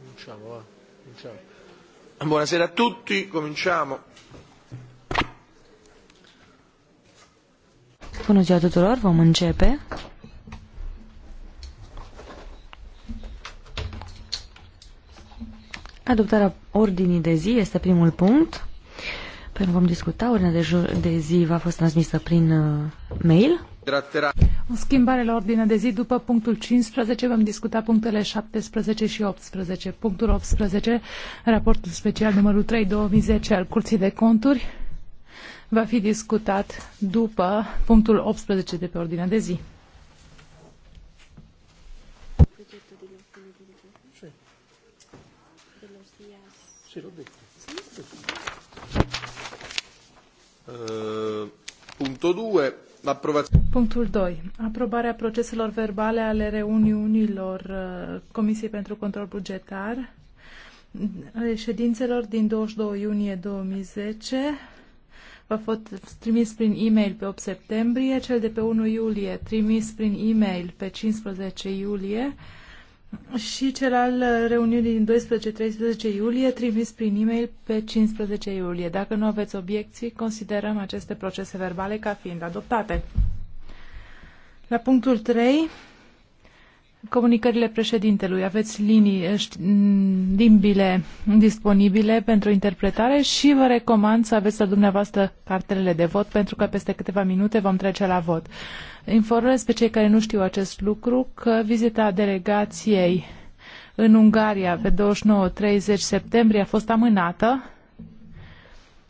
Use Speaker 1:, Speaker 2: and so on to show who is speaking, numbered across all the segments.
Speaker 1: Cominciamo, va. Cominciamo. Buonasera a tutti, cominciamo.
Speaker 2: Bună ziua tuturor, vom începe. Adoptarea ordinii de zi este primul punct. Pentru vom discuta, ordinea de, de zi va fost transmisă prin uh, mail. Tratterà. Schimbare la ordine de zi după punctul 15 vom
Speaker 3: discuta punctele 17 și 18. Punctul 18, raportul special numărul 3 2010 al Curții de Conturi, va fi discutat după punctul 18 de pe ordinea de zi.
Speaker 1: Punctul 2
Speaker 3: Punctul 2. Aprobarea proceselor verbale ale reuniunilor uh, Comisiei pentru Control Bugetar, uh, ședințelor din 22 iunie 2010, v-a fost trimis prin e-mail pe 8 septembrie, cel de pe 1 iulie trimis prin e-mail pe 15 iulie, și cel al reuniunii din 12-13 iulie, trimis prin e-mail pe 15 iulie. Dacă nu aveți obiecții, considerăm aceste procese verbale ca fiind adoptate. La punctul 3, Comunicările președintelui, aveți linii, limbile disponibile pentru interpretare și vă recomand să aveți la dumneavoastră cartelele de vot pentru că peste câteva minute vom trece la vot. Informez pe cei care nu știu acest lucru că vizita delegației în Ungaria pe 29-30 septembrie a fost amânată,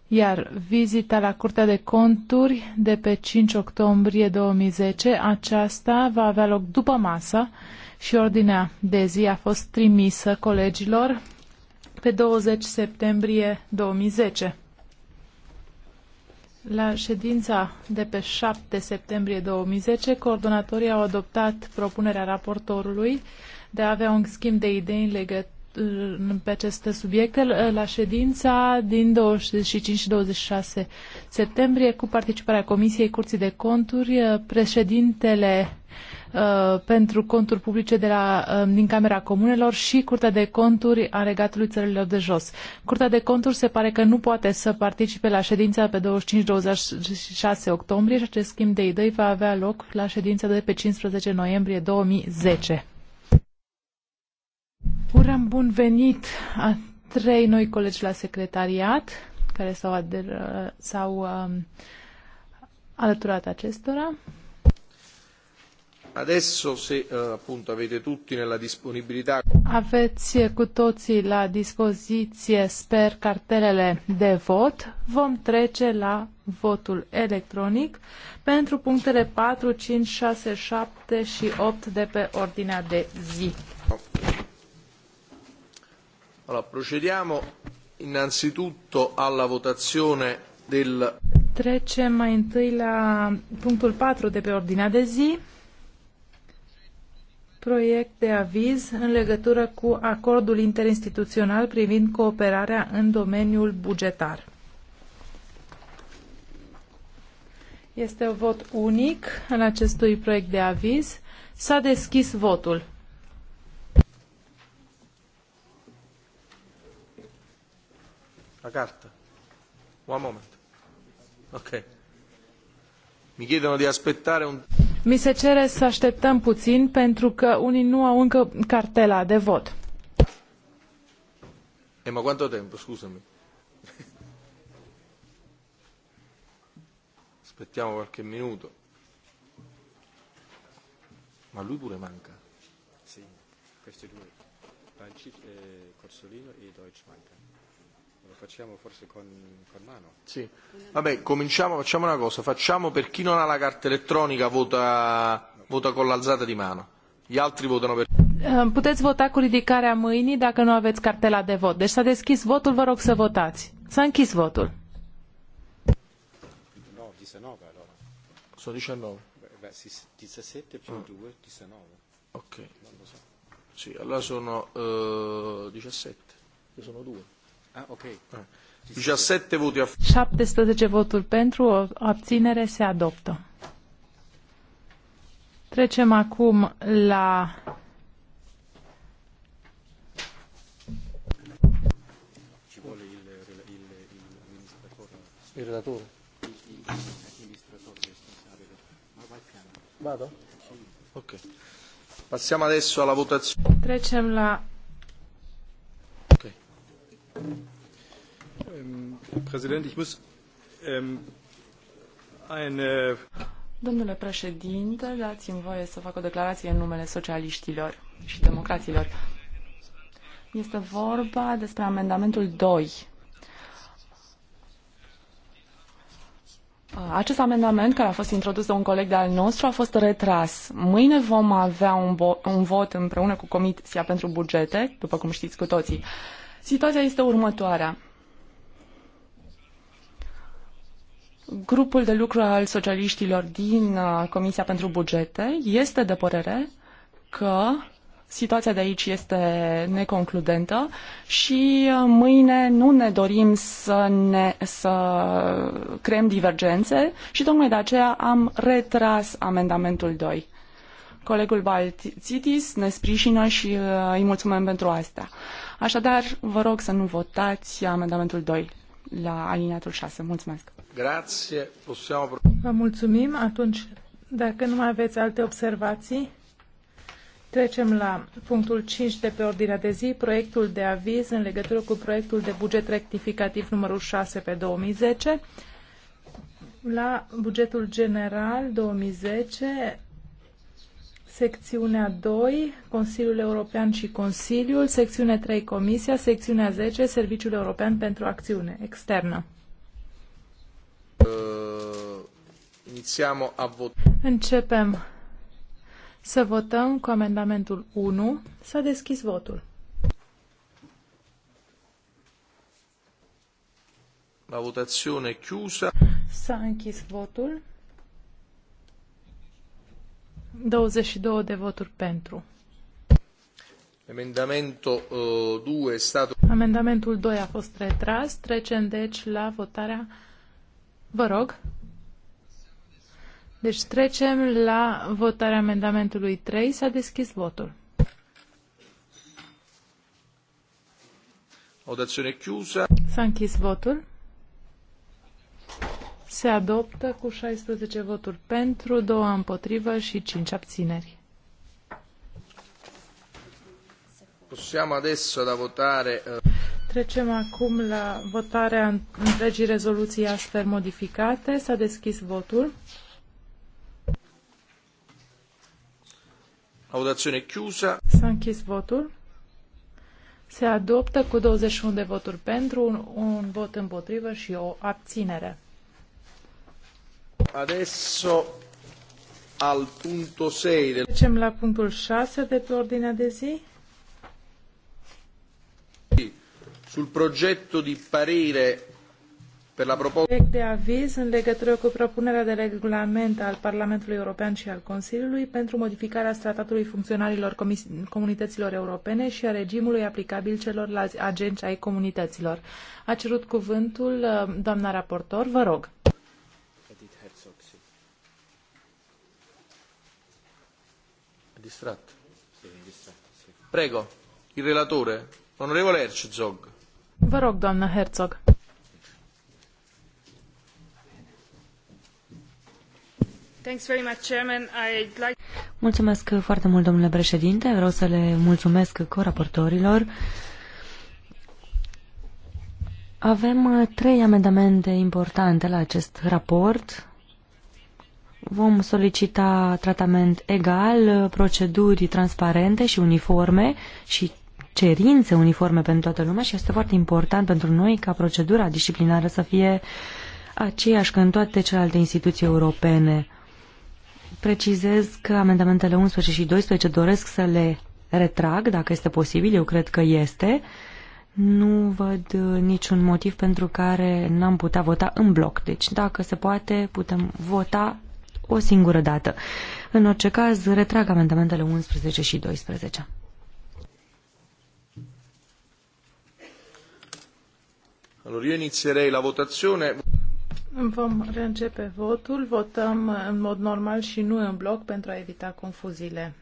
Speaker 3: iar vizita la Curtea de Conturi de pe 5 octombrie 2010, aceasta va avea loc după masă, și ordinea de zi a fost trimisă colegilor pe 20 septembrie 2010. La ședința de pe 7 septembrie 2010, coordonatorii au adoptat propunerea raportorului de a avea un schimb de idei în legătură pe aceste subiecte la ședința din 25 și 26 septembrie cu participarea Comisiei Curții de Conturi. Președintele Uh, pentru conturi publice de la, uh, din Camera Comunelor și Curtea de Conturi a Regatului Țărilor de Jos. Curtea de Conturi se pare că nu poate să participe la ședința pe 25-26 octombrie și acest schimb de idei va avea loc la ședința de pe 15 noiembrie 2010. Uram bun venit a trei noi colegi la secretariat care s-au, s-au um, alăturat acestora.
Speaker 1: Adesso se eh, appunto avete tutti nella disponibilità
Speaker 3: aveți cu toții la dispoziție, sper, cartelele de vot. Vom trece la votul electronic pentru punctele 4, 5, 6, 7 și 8 de pe ordinea de zi.
Speaker 1: Allora, procediamo innanzitutto alla votazione del...
Speaker 3: Trecem mai întâi la punctul 4 de pe ordinea de zi proiect de aviz în legătură cu acordul interinstituțional privind cooperarea în domeniul bugetar. Este un vot unic în acestui proiect de aviz. S-a deschis votul.
Speaker 1: La carta. One moment. Ok. Mi chiedono di aspettare un...
Speaker 3: Mi se cere să așteptăm puțin pentru că unii nu au încă cartela de vot.
Speaker 1: E, eh, quanto tempo, scusami. Aspettiamo qualche minuto. Ma lui pure manca. Sì, questi due, Pancic e eh, Corsolino e Deutsch mancano. Lo facciamo forse con, con mano. Sì. Vabbè, cominciamo, facciamo una cosa. Facciamo per chi non ha la carta elettronica vota, vota con l'alzata di mano. Gli altri votano per...
Speaker 3: Ehm, puteți vota cu ridicarea mâinii dacă nu aveți cartela de vot. Deci s-a deschis votul, vă rog să votați. S-a închis votul.
Speaker 1: 19 allora. Sunt 19. Beh, 17 più 2, ah. 19. Ok. Non lo so. Sì, allora sono uh, eh, 17. Io sono 2. Ah, okay. 17
Speaker 3: 17 voturi pentru, o abținere se adoptă. Trecem acum la
Speaker 1: Vado? Ok. Passiamo adesso alla votazione.
Speaker 3: Trecem la
Speaker 1: Ähm,
Speaker 4: Domnule președinte, dați-mi voie să fac o declarație în numele socialiștilor și democraților. Este vorba despre amendamentul 2. Acest amendament, care a fost introdus de un coleg de-al nostru, a fost retras. Mâine vom avea un, un vot împreună cu Comisia pentru Bugete, după cum știți cu toții. Uh, Situația este următoarea. Grupul de lucru al socialiștilor din uh, Comisia pentru Bugete este de părere că situația de aici este neconcludentă și uh, mâine nu ne dorim să, ne, să creăm divergențe și tocmai de aceea am retras amendamentul 2. Colegul Baltitis ne sprijină și uh, îi mulțumim pentru asta. Așadar, vă rog să nu votați amendamentul
Speaker 3: 2 la aliniatul 6. Mulțumesc.
Speaker 1: Grație.
Speaker 3: Vă mulțumim. Atunci, dacă nu mai aveți alte observații, Trecem la punctul 5 de pe ordinea de zi, proiectul de aviz în legătură cu proiectul de buget rectificativ numărul 6 pe 2010. La bugetul general 2010 secțiunea 2, Consiliul European și Consiliul, secțiunea 3, Comisia, secțiunea 10, Serviciul European pentru Acțiune Externă.
Speaker 1: Uh, inițiamo a vot.
Speaker 3: Începem să votăm cu amendamentul 1. S-a deschis votul.
Speaker 1: La votazione chiusa.
Speaker 3: S-a închis votul. 22 de voturi pentru.
Speaker 1: Amendamentul 2 uh, stato...
Speaker 3: Amendamentul 2 a fost retras. Trecem deci la votarea. Vă rog. Deci trecem la votarea amendamentului 3. S-a deschis votul. S-a închis votul. Se adoptă cu 16 voturi pentru, 2 împotrivă și 5 abțineri.
Speaker 1: Possiamo adesso da votare... Eh,
Speaker 3: Trecem acum la votarea întregii rezoluții astfel modificate. S-a deschis votul.
Speaker 1: La chiusa. S-a
Speaker 3: închis votul. Se adoptă cu 21 de voturi pentru, un, un vot împotrivă și o abținere.
Speaker 1: Adesso al punto 6. Del... Trecem
Speaker 3: la punctul 6 de pe ordinea de zi.
Speaker 1: Sul progetto di parere per la proposta
Speaker 3: de aviz în legătură cu propunerea de regulament al Parlamentului European și al Consiliului pentru modificarea tratatului funcționarilor comis... comunităților europene și a regimului aplicabil celorlalți agenți ai comunităților. A cerut cuvântul uh, doamna raportor, vă rog.
Speaker 1: distratto. Prego, il relatore, onorevole Herzog.
Speaker 3: Vă rog, doamnă Herzog.
Speaker 2: Mulțumesc foarte mult, domnule președinte. Vreau să le mulțumesc coraportorilor. Avem uh, trei amendamente importante la acest raport Vom solicita tratament egal, proceduri transparente și uniforme și cerințe uniforme pentru toată lumea și este foarte important pentru noi ca procedura disciplinară să fie aceeași ca în toate celelalte instituții europene. Precizez că amendamentele 11 și 12 doresc să le retrag, dacă este posibil, eu cred că este. Nu văd uh, niciun motiv pentru care n-am putea vota în bloc. Deci, dacă se poate, putem vota o singură dată. În orice caz, retrag amendamentele 11 și 12.
Speaker 1: Allora io inizierei la votazione.
Speaker 3: Vom reîncepe votul, votăm în mod normal și nu în bloc pentru a evita confuziile.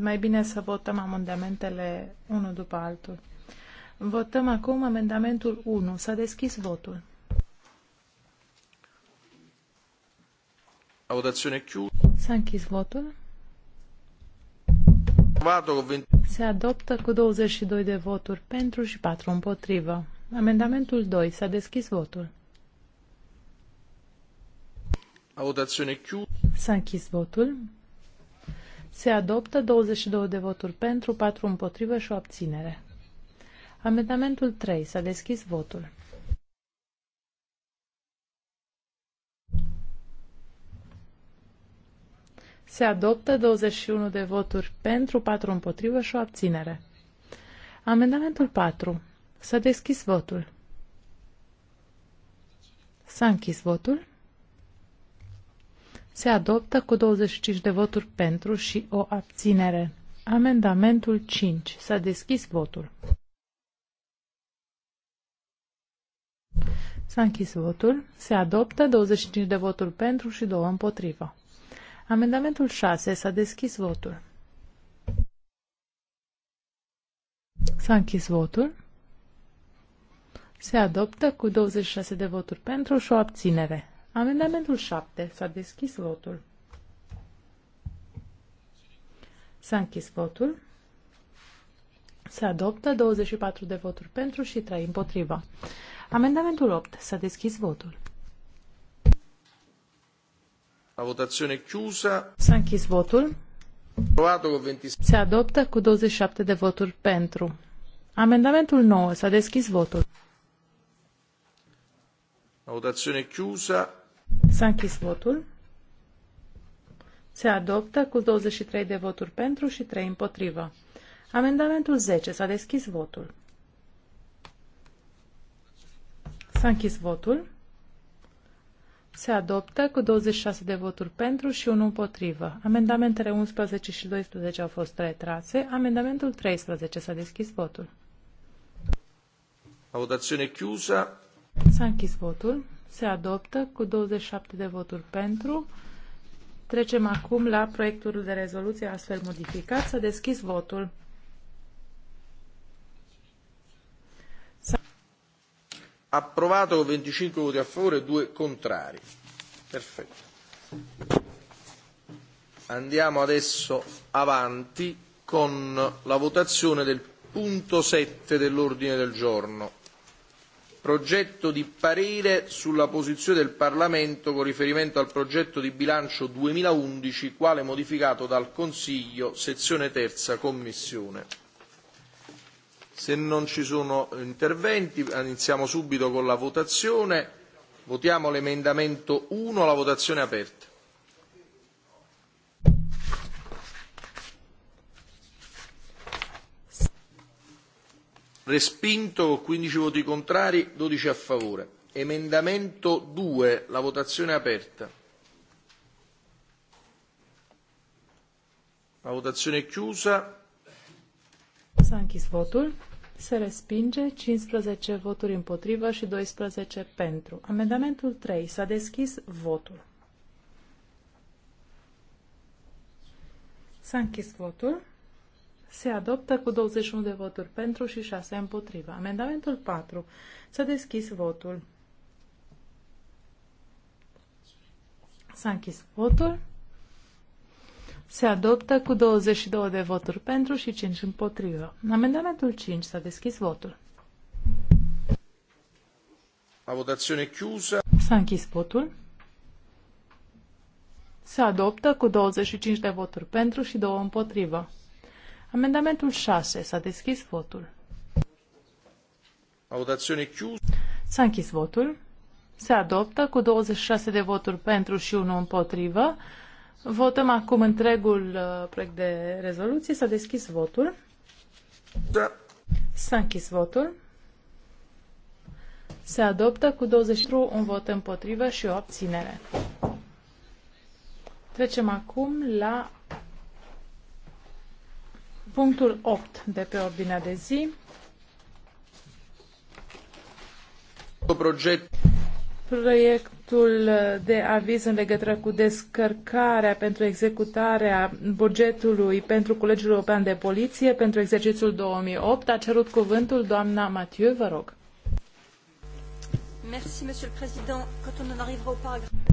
Speaker 3: Mai bine să votăm amendamentele unul după altul. Votăm acum amendamentul 1. S-a deschis votul.
Speaker 1: Votazione chiusa.
Speaker 3: S-a închis votul. Se adoptă cu 22 de voturi pentru și 4 împotrivă. Amendamentul 2. S-a deschis votul.
Speaker 1: Votazione chiusa.
Speaker 3: S-a închis votul. Se adoptă 22 de voturi pentru, 4 împotrivă și o abținere. Amendamentul 3. S-a deschis votul. Se adoptă 21 de voturi pentru, 4 împotrivă și o abținere. Amendamentul 4. S-a deschis votul. S-a închis votul. Se adoptă cu 25 de voturi pentru și o abținere. Amendamentul 5. S-a deschis votul. S-a închis votul. Se adoptă 25 de voturi pentru și 2 împotriva. Amendamentul 6. S-a deschis votul. S-a închis votul. Se adoptă cu 26 de voturi pentru și o abținere. Amendamentul 7. S-a deschis votul. S-a închis votul. Se adoptă 24 de voturi pentru și 3 împotriva. Amendamentul 8. S-a deschis votul.
Speaker 1: La votazione chiusa. S-a închis votul. cu 27.
Speaker 3: Se adoptă cu 27 de voturi pentru. Amendamentul 9. S-a deschis votul.
Speaker 1: La votazione chiusa.
Speaker 3: S-a închis votul. Se adoptă cu 23 de voturi pentru și 3 împotrivă. Amendamentul 10. S-a deschis votul. S-a închis votul. Se adoptă cu 26 de voturi pentru și 1 împotrivă. Amendamentele 11 și 12 au fost retrase. Amendamentul 13 s-a deschis votul.
Speaker 1: La votazione chiusa.
Speaker 3: S-a închis votul. Se adoptă cu 27 de voturi pentru. Trecem acum la proiectul de rezoluție astfel modificat. S-a deschis votul.
Speaker 1: approvato con 25 voti a favore e 2 contrari. Perfetto. Andiamo adesso avanti con la votazione del punto 7 dell'ordine del giorno. Progetto di parere sulla posizione del Parlamento con riferimento al progetto di bilancio 2011 quale modificato dal Consiglio, sezione terza, Commissione. Se non ci sono interventi iniziamo subito con la votazione. Votiamo l'emendamento 1, la votazione è aperta. Respinto 15 voti contrari, 12 a favore. Emendamento 2, la votazione è aperta. La votazione è chiusa.
Speaker 3: S-a închis votul. Se respinge 15 voturi împotrivă și 12 pentru. Amendamentul 3. S-a deschis votul. S-a închis votul. Se adoptă cu 21 de voturi pentru și 6 împotrivă. Amendamentul 4. S-a deschis votul. S-a închis votul. Se adoptă cu 22 de voturi pentru și 5 împotrivă. Amendamentul 5 s-a deschis votul.
Speaker 1: La votazione chiusa.
Speaker 3: S-a închis votul. Se adoptă cu 25 de voturi pentru și 2 împotrivă. Amendamentul 6 s-a deschis votul.
Speaker 1: La votazione chiusa.
Speaker 3: S-a închis votul. Se adoptă cu 26 de voturi pentru și 1 împotrivă. Votăm acum întregul uh, proiect de rezoluție. S-a deschis votul. Da. S-a închis votul. Se adoptă cu 21 un vot împotrivă și o abținere. Trecem acum la punctul 8 de pe ordinea de zi.
Speaker 1: Proiect
Speaker 3: proiectul de aviz în legătură cu descărcarea pentru executarea bugetului pentru Colegiul European de Poliție pentru exercițiul 2008. A cerut cuvântul doamna Mathieu, vă rog.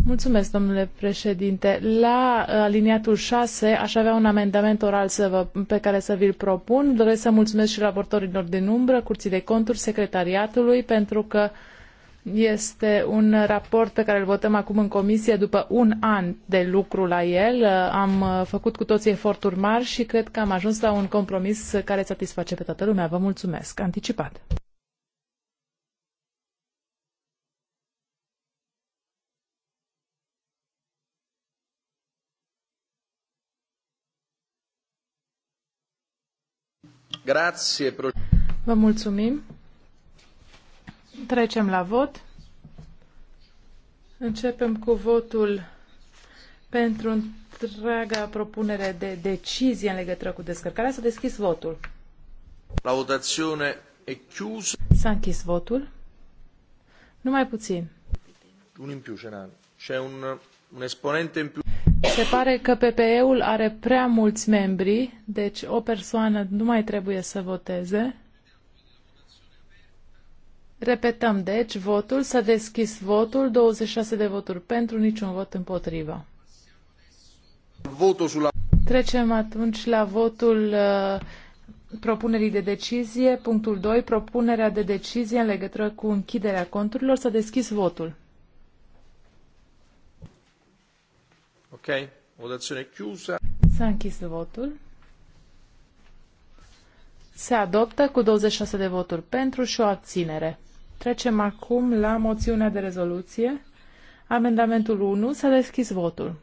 Speaker 3: Mulțumesc, domnule președinte. La aliniatul 6 aș avea un amendament oral să vă, pe care să vi-l propun. Doresc să mulțumesc și raportorilor din umbră, Curții de Conturi, Secretariatului, pentru că uh, este un raport pe care îl votăm acum în comisie după un an de lucru la el. Am făcut cu toții eforturi mari și cred că am ajuns la un compromis care satisface pe toată lumea. Vă mulțumesc anticipat.
Speaker 1: Grazie.
Speaker 3: Vă mulțumim. Trecem la vot. Începem cu votul pentru întreaga propunere de decizie în legătură cu descărcarea. S-a deschis votul.
Speaker 1: La votazione e chiusă.
Speaker 3: S-a închis votul. Numai puțin.
Speaker 1: Un în più, c'è un, un exponent în più.
Speaker 3: Se pare că PPE-ul are prea mulți membri, deci o persoană nu mai trebuie să voteze. Repetăm, deci, votul. S-a deschis votul. 26 de voturi pentru, niciun vot împotriva.
Speaker 1: Votul
Speaker 3: Trecem atunci la votul uh, propunerii de decizie. Punctul 2. Propunerea de decizie în legătură cu închiderea conturilor. S-a deschis votul.
Speaker 1: Ok. Votațiune chiusă.
Speaker 3: S-a închis votul. Se adoptă cu 26 de voturi pentru și o abținere. Trecem acum la moțiunea de rezoluție. Amendamentul 1. S-a deschis votul.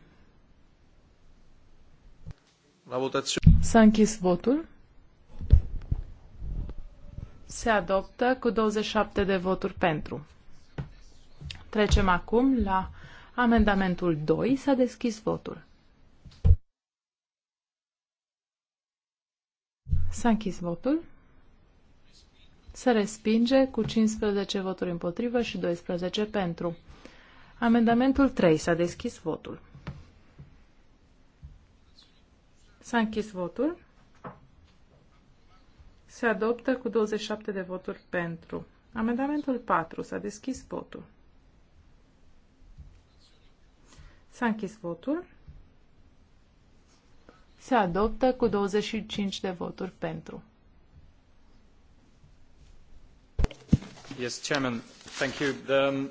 Speaker 3: S-a închis votul. Se adoptă cu 27 de voturi pentru. Trecem acum la amendamentul 2. S-a deschis votul. S-a închis votul se respinge cu 15 voturi împotrivă și 12 pentru. Amendamentul 3. S-a deschis votul. S-a închis votul. Se adoptă cu 27 de voturi pentru. Amendamentul 4. S-a deschis votul. S-a închis votul. Se adoptă cu 25 de voturi pentru. Um,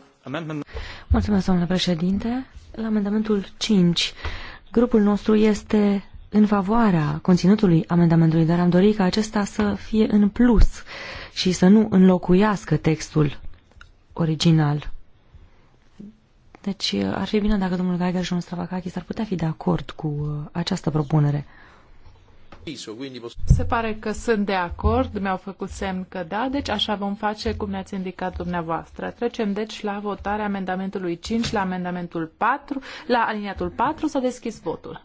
Speaker 2: Mulțumesc, La amendamentul 5, grupul nostru este în favoarea conținutului amendamentului, dar am dorit ca acesta să fie în plus și să nu înlocuiască textul original. Deci ar fi bine dacă domnul Gaiga și domnul Stravakakis ar putea fi de acord cu uh, această propunere.
Speaker 3: Se pare că sunt de acord, mi-au făcut semn că da, deci așa vom face cum ne-ați indicat dumneavoastră. Trecem deci la votarea amendamentului 5, la amendamentul 4, la aliniatul 4 s-a deschis votul.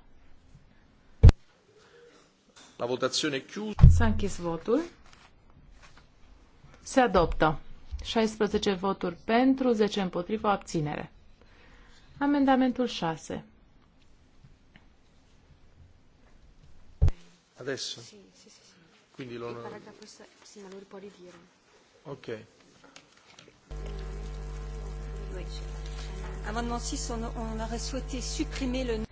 Speaker 1: La votație chiusa. S-a închis
Speaker 3: votul. Se adoptă. 16 voturi pentru, 10 împotriva, abținere. Amendamentul 6.
Speaker 1: Adesso? Sì, sì, sì. Quindi lo... Il paragrafo,
Speaker 2: sì, ma lo può ridire. Ok. 6, on, aurait souhaité supprimer le...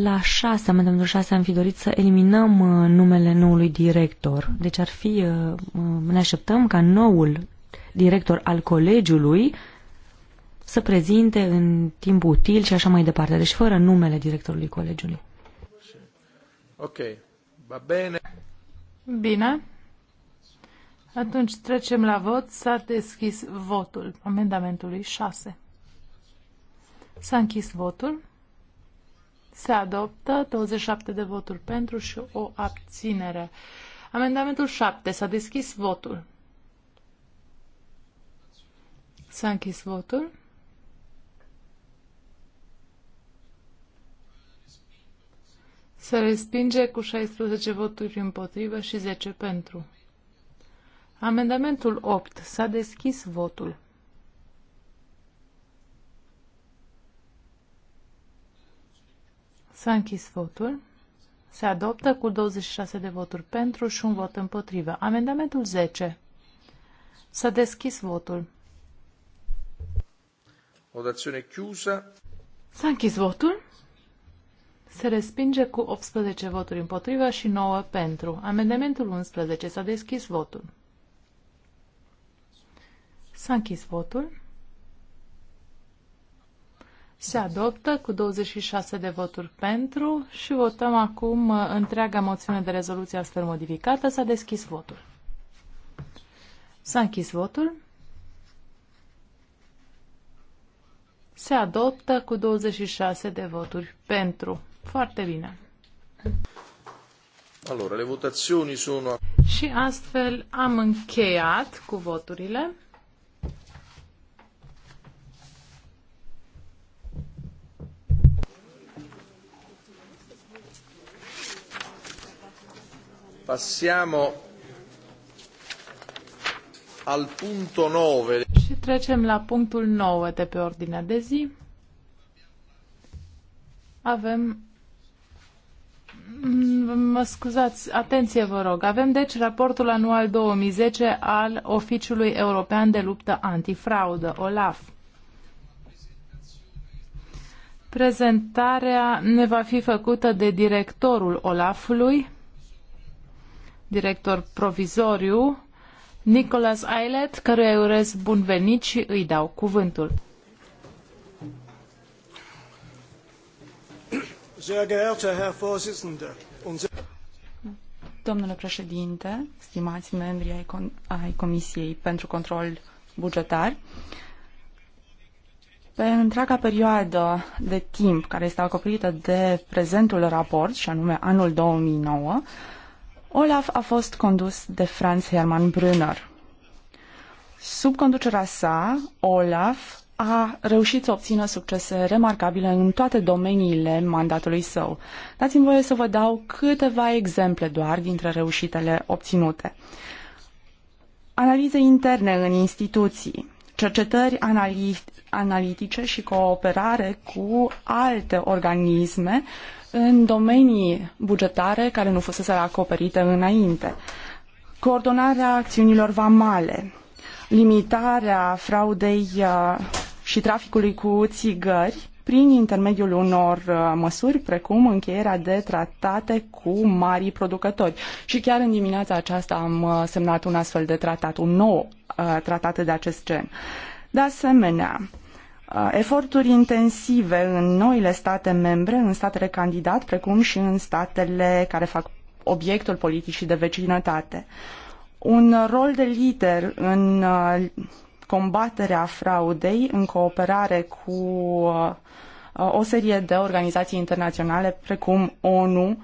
Speaker 2: La 6, amendamentul 6, am fi dorit să eliminăm uh, numele noului director. Deci ar fi, uh, uh, ne așteptăm ca noul director al colegiului să prezinte în timp util și așa mai departe. Deci fără numele directorului
Speaker 1: colegiului. Ok. Va bene. Bine.
Speaker 3: Atunci trecem la vot. S-a deschis votul amendamentului 6. S-a închis votul. Se adoptă 27 de voturi pentru și o abținere. Amendamentul 7. S-a deschis votul. S-a închis votul. Să respinge cu 16 voturi împotrivă și 10 pentru. Amendamentul 8. S-a deschis votul. S-a închis votul. Se adoptă cu 26 de voturi pentru și un vot împotrivă. Amendamentul 10. S-a deschis votul.
Speaker 1: Votazione chiusă.
Speaker 3: S-a închis votul se respinge cu 18 voturi împotrivă și 9 pentru. Amendamentul 11 s-a deschis votul. S-a închis votul. Se adoptă cu 26 de voturi pentru și votăm acum uh, întreaga moțiune de rezoluție astfel modificată. S-a deschis votul. S-a închis votul. Se adoptă cu 26 de voturi pentru. Foarte bine.
Speaker 1: Allora, le votazioni sono...
Speaker 3: Și astfel am încheiat cu voturile.
Speaker 1: Passiamo al punto 9.
Speaker 3: Și trecem la punctul 9 de pe ordinea de zi. Avem Mm, mă scuzați, atenție vă rog. Avem deci raportul anual 2010 al Oficiului European de Luptă Antifraudă, OLAF. Prezentarea ne va fi făcută de directorul OLAF-ului, director provizoriu, Nicolas Ailet, căruia îi urez bun venit și îi dau cuvântul.
Speaker 4: Domnule președinte, stimați membri ai, ai Comisiei pentru Control Bugetar, pe întreaga perioadă de timp care este acoperită de prezentul raport, și anume anul 2009, Olaf a fost condus de Franz Hermann Brunner. Sub conducerea sa, Olaf a reușit să obțină succese remarcabile în toate domeniile mandatului său. Dați-mi voie să vă dau câteva exemple doar dintre reușitele obținute. Analize interne în instituții, cercetări analitice și cooperare cu alte organisme în domenii bugetare care nu fusese acoperite înainte, coordonarea acțiunilor vamale, limitarea fraudei uh, și traficului cu țigări prin intermediul unor uh, măsuri precum încheierea de tratate cu mari producători. Și chiar în dimineața aceasta am uh, semnat un astfel de tratat, un nou tratat de acest gen. De asemenea, eforturi intensive în noile state membre, în statele candidat, precum și în statele care fac obiectul politicii de vecinătate. Uh, un rol de lider în uh, combaterea fraudei în cooperare cu uh, o serie de organizații internaționale precum ONU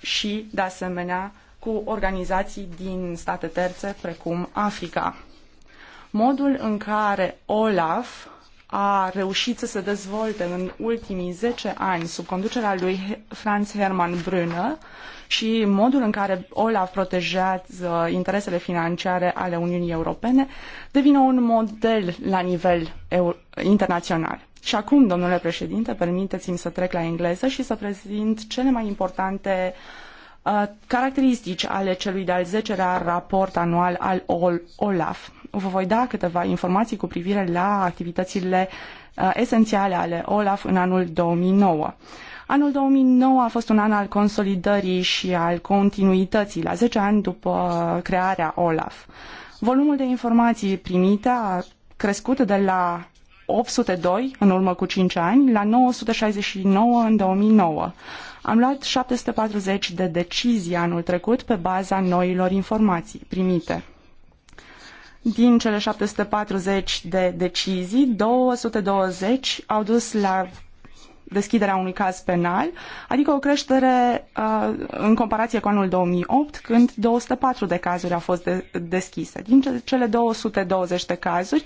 Speaker 4: și, de asemenea, cu organizații din state terțe precum Africa. Modul în care OLAF a reușit să se dezvolte în ultimii 10 ani sub conducerea lui Franz Hermann Brune și modul în care Olaf protejează interesele financiare ale Uniunii Europene devine un model la nivel internațional. Și acum, domnule președinte, permiteți-mi să trec la engleză și să prezint cele mai importante uh, Uh, caracteristici ale celui de-al zecelea raport anual al OLAF. Vă voi da câteva informații cu privire la activitățile uh, esențiale ale OLAF în anul 2009. Anul 2009 a fost un an al consolidării și al continuității, la 10 ani după crearea OLAF. Volumul de informații primite a crescut de la 802 în urmă cu 5 ani la 969 în 2009. Am luat 740 de decizii anul trecut pe baza noilor informații primite. Din cele 740 de decizii, 220 au dus la deschiderea unui caz penal, adică o creștere uh, în comparație cu anul 2008, când 204 de cazuri au fost de- deschise. Din cele 220 de cazuri,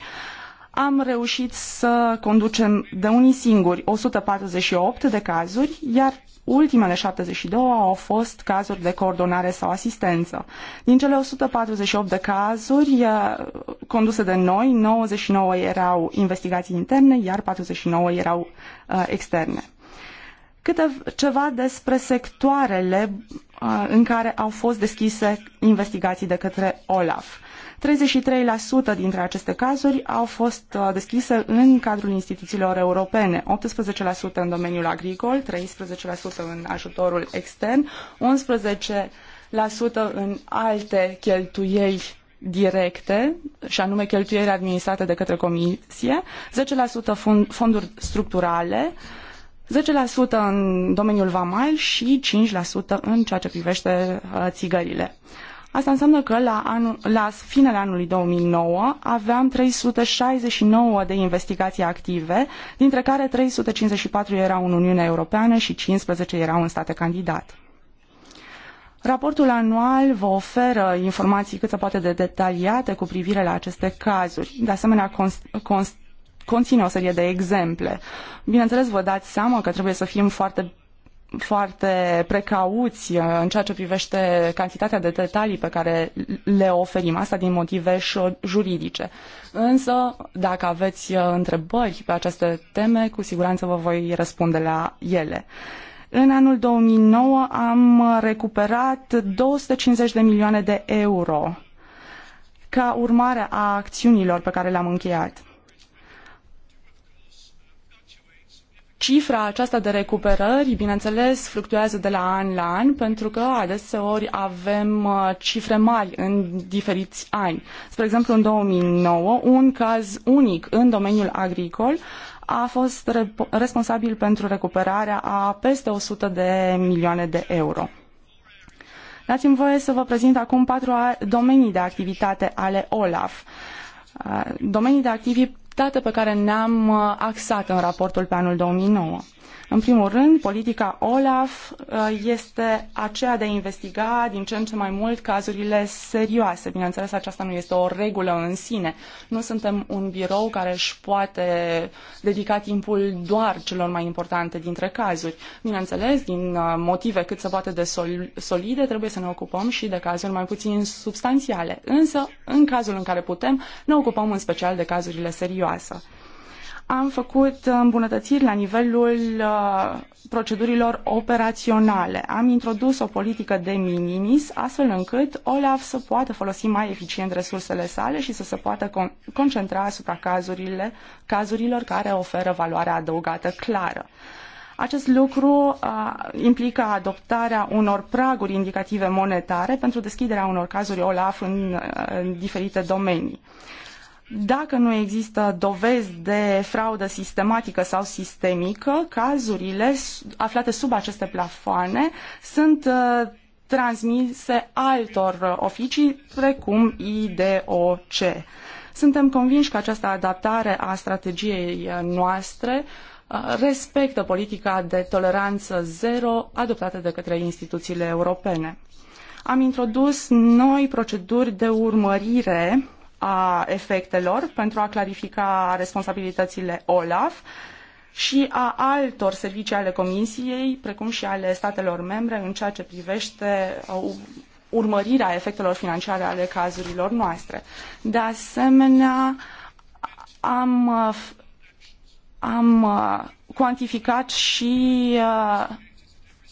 Speaker 4: am reușit să conducem de unii singuri 148 de cazuri, iar Ultimele 72 au fost cazuri de coordonare sau asistență. Din cele 148 de cazuri eh, conduse de noi, 99 erau investigații interne, iar 49 erau uh, externe. Câte ceva despre sectoarele uh, în care au fost deschise investigații de către OLAF. 33% dintre aceste cazuri au fost uh, deschise în cadrul instituțiilor europene, 18% în domeniul agricol, 13% în ajutorul extern, 11% în alte cheltuieli directe, și anume cheltuieli administrate de către comisie, 10% fonduri structurale, 10% în domeniul vamal și 5% în ceea ce privește uh, țigările. Uh, Asta înseamnă că la, anul, la finele anului 2009 aveam 369 de investigații active, dintre care 354 erau în Uniunea Europeană și 15 erau în state candidat. Raportul anual vă oferă informații cât se poate de detaliate cu privire la aceste cazuri. De asemenea, conține o serie de exemple. Bineînțeles, vă dați seama că trebuie să fim foarte foarte precauți uh, în ceea ce privește cantitatea de detalii pe care le oferim, asta din motive juridice. Însă, dacă aveți uh, întrebări pe aceste teme, cu siguranță vă voi răspunde la ele. În anul 2009 am recuperat 250 de milioane de euro ca urmare a acțiunilor pe care le-am încheiat. Cifra aceasta de recuperări, bineînțeles, fluctuează de la an la an, pentru că adeseori avem uh, cifre mari în diferiți ani. Spre exemplu, în 2009, un caz unic în domeniul agricol a fost responsabil pentru recuperarea a peste 100 de milioane de euro. Dați-mi voie să vă prezint acum patru domenii de activitate ale OLAF. Uh, domenii de activitate dată pe care ne-am uh, axat în raportul pe anul 2009. În primul rând, politica OLAF uh, este aceea de a investiga din ce în ce mai mult cazurile serioase. Bineînțeles, aceasta nu este o regulă în sine. Nu suntem un birou care își poate dedica timpul doar celor mai importante dintre cazuri. Bineînțeles, din uh, motive cât se poate de solide, trebuie să ne ocupăm și de cazuri mai puțin substanțiale. Însă, în cazul în care putem, ne ocupăm în special de cazurile serioase am făcut îmbunătățiri la nivelul uh, procedurilor operaționale. Am introdus o politică de minimis, astfel încât OLAF să poată folosi mai eficient resursele sale și să se poată concentra asupra cazurile, cazurilor care oferă valoare adăugată clară. Acest lucru a, uh, implică adoptarea unor praguri indicative monetare pentru deschiderea unor cazuri OLAF în, uh, în diferite domenii. Dacă nu există dovezi de fraudă sistematică sau sistemică, cazurile aflate sub aceste plafoane sunt uh, transmise altor uh, oficii precum IDOC. Suntem convinși că această adaptare a strategiei uh, noastre respectă politica de toleranță zero adoptată de către instituțiile europene. Am introdus noi proceduri de urmărire a efectelor pentru a clarifica responsabilitățile OLAF și a altor servicii ale Comisiei, precum și ale statelor membre în ceea ce privește uh, urmărirea efectelor financiare ale cazurilor noastre. De asemenea, am, uh, am uh, cuantificat și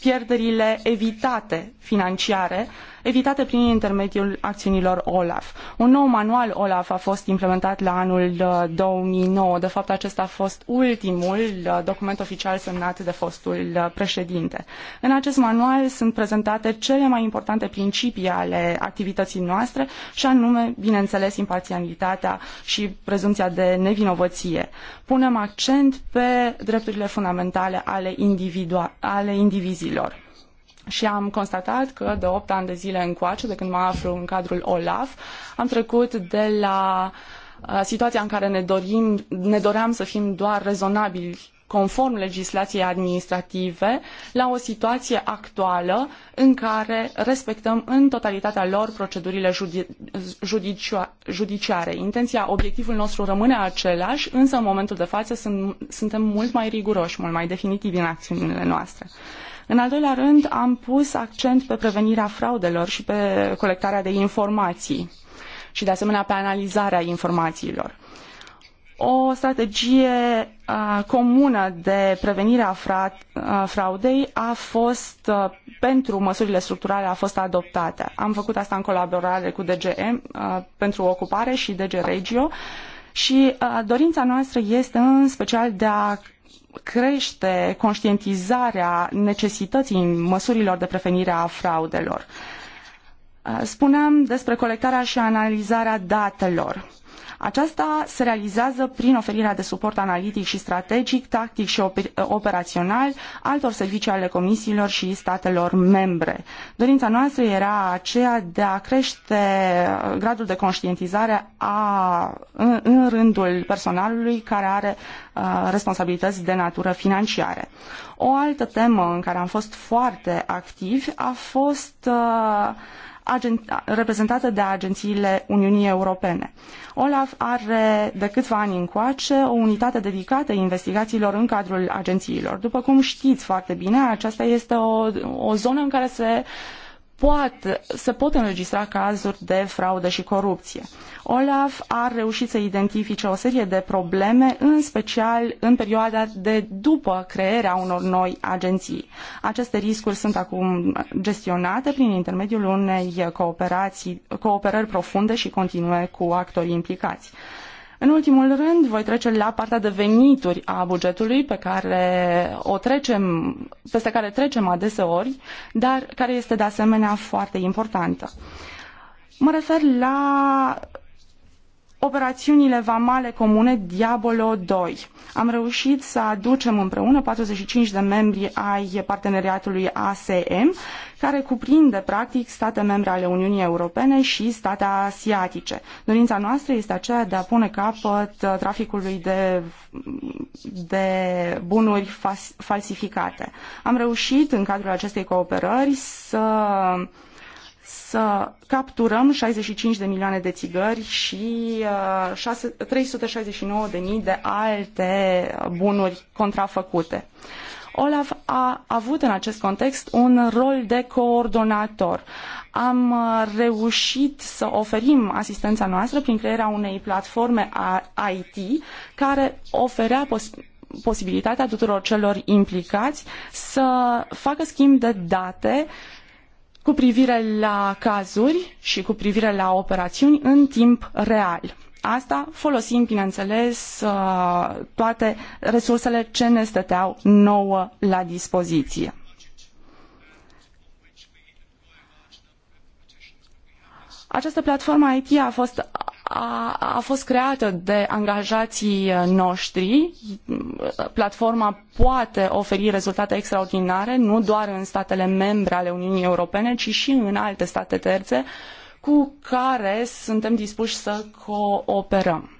Speaker 4: pierderile evitate financiare uh, evitate prin intermediul acțiunilor OLAF. Un nou manual OLAF a fost implementat la anul 2009. Uh, de fapt, acesta a fost ultimul uh, document oficial semnat de fostul uh, președinte. În acest manual sunt prezentate cele mai importante principii ale activității noastre și anume, bineînțeles, imparțialitatea și prezumția de nevinovăție. Punem accent pe drepturile fundamentale ale, individua- ale indivizilor și am constatat că de 8 ani de zile încoace, de când mă aflu în cadrul OLAF, am trecut de la uh, situația în care ne, dorim, ne doream să fim doar rezonabili conform legislației administrative, la o situație actuală în care respectăm în totalitatea lor procedurile judicia judiciare. Intenția, obiectivul nostru rămâne același, însă în momentul de față sunt, suntem mult mai riguroși, mult mai definitivi în acțiunile noastre. Uh, în al doilea rând, am pus accent pe prevenirea fraudelor și pe colectarea de informații și, de asemenea, pe analizarea informațiilor. O strategie uh, comună de prevenire a fra uh, fraudei a fost, uh, pentru măsurile structurale, a fost adoptată. Am făcut asta în colaborare cu DGM pentru ocupare și DG Regio și dorința noastră este în special de a crește conștientizarea necesității măsurilor de prevenire a fraudelor. Uh, spuneam despre colectarea și analizarea datelor. Aceasta se realizează prin oferirea de suport analitic și strategic, tactic și operațional altor servicii ale comisiilor și statelor membre. Dorința noastră era aceea de a crește gradul de conștientizare a, în, în rândul personalului care are uh, responsabilități de natură financiară. O altă temă în care am fost foarte activi a fost uh, agen- reprezentată de agențiile Uniunii Europene. OLAF are de câțiva ani încoace o unitate dedicată investigațiilor în cadrul agențiilor. După cum știți foarte bine, aceasta este o, o zonă în care se poate, se pot înregistra cazuri de fraudă și corupție. Olaf a reușit să identifice o serie de probleme, în special în perioada de după crearea unor noi agenții. Aceste riscuri sunt acum gestionate prin intermediul unei cooperații, cooperări profunde și continue cu actorii implicați. În ultimul rând, voi trece la partea de venituri a bugetului pe care o trecem, peste care trecem adeseori, dar care este de asemenea foarte importantă. Mă refer la operațiunile vamale comune Diabolo 2. Am reușit să aducem împreună 45 de membri ai parteneriatului ASM, care cuprinde practic state membre ale Uniunii Europene și state asiatice. Dorința noastră este aceea de a pune capăt uh, traficului de, de bunuri fas, falsificate. Am reușit în cadrul acestei cooperări să să capturăm 65 de milioane de țigări și 369 uh, de mii de alte uh, bunuri contrafăcute. Olaf a avut în acest context un rol de coordonator. Am uh, reușit să oferim asistența noastră prin crearea unei platforme IT care oferea pos posibilitatea tuturor celor implicați să facă schimb de date cu privire la cazuri și cu privire la operațiuni în timp real. Asta folosim, bineînțeles, uh, toate resursele ce ne stăteau nouă la dispoziție. Această platformă IT a fost a, a fost creată de angajații noștri. Platforma poate oferi rezultate extraordinare, nu doar în statele membre ale Uniunii Europene, ci și în alte state terțe cu care suntem dispuși să cooperăm.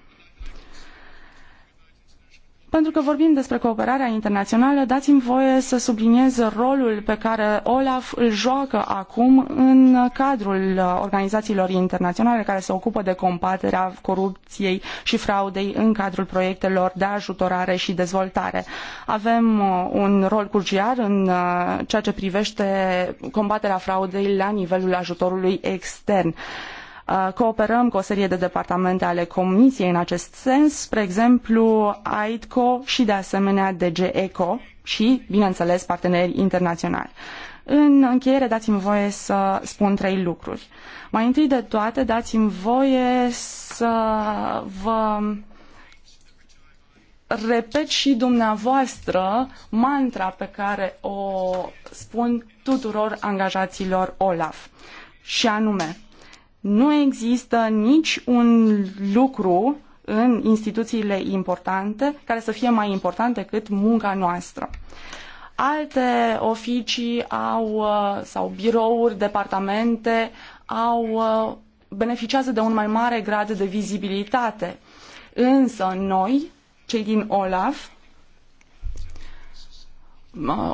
Speaker 4: Pentru că vorbim despre cooperarea internațională, dați-mi voie să subliniez rolul pe care OLAF îl joacă acum în cadrul uh, organizațiilor internaționale care se ocupă de combaterea corupției și fraudei în cadrul proiectelor de ajutorare și dezvoltare. Avem uh, un rol crucial în uh, ceea ce privește combaterea fraudei la nivelul ajutorului extern. Cooperăm cu o serie de departamente ale Comisiei în acest sens, spre exemplu AIDCO și de asemenea DGECO și, bineînțeles, parteneri internaționali. În încheiere, dați-mi voie să spun trei lucruri. Mai întâi de toate, dați-mi voie să vă repet și dumneavoastră mantra pe care o spun tuturor angajaților OLAF. Și anume, nu există nici un lucru în instituțiile importante care să fie mai important decât munca noastră. Alte oficii au, uh, sau birouri, departamente au, uh, beneficiază de un mai mare grad de vizibilitate. Însă noi, cei din OLAF,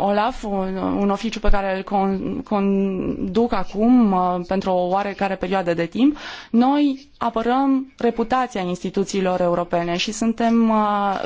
Speaker 4: Olaf, un, un oficiu pe care îl con, conduc acum pentru o oarecare perioadă de timp, noi apărăm reputația instituțiilor europene și suntem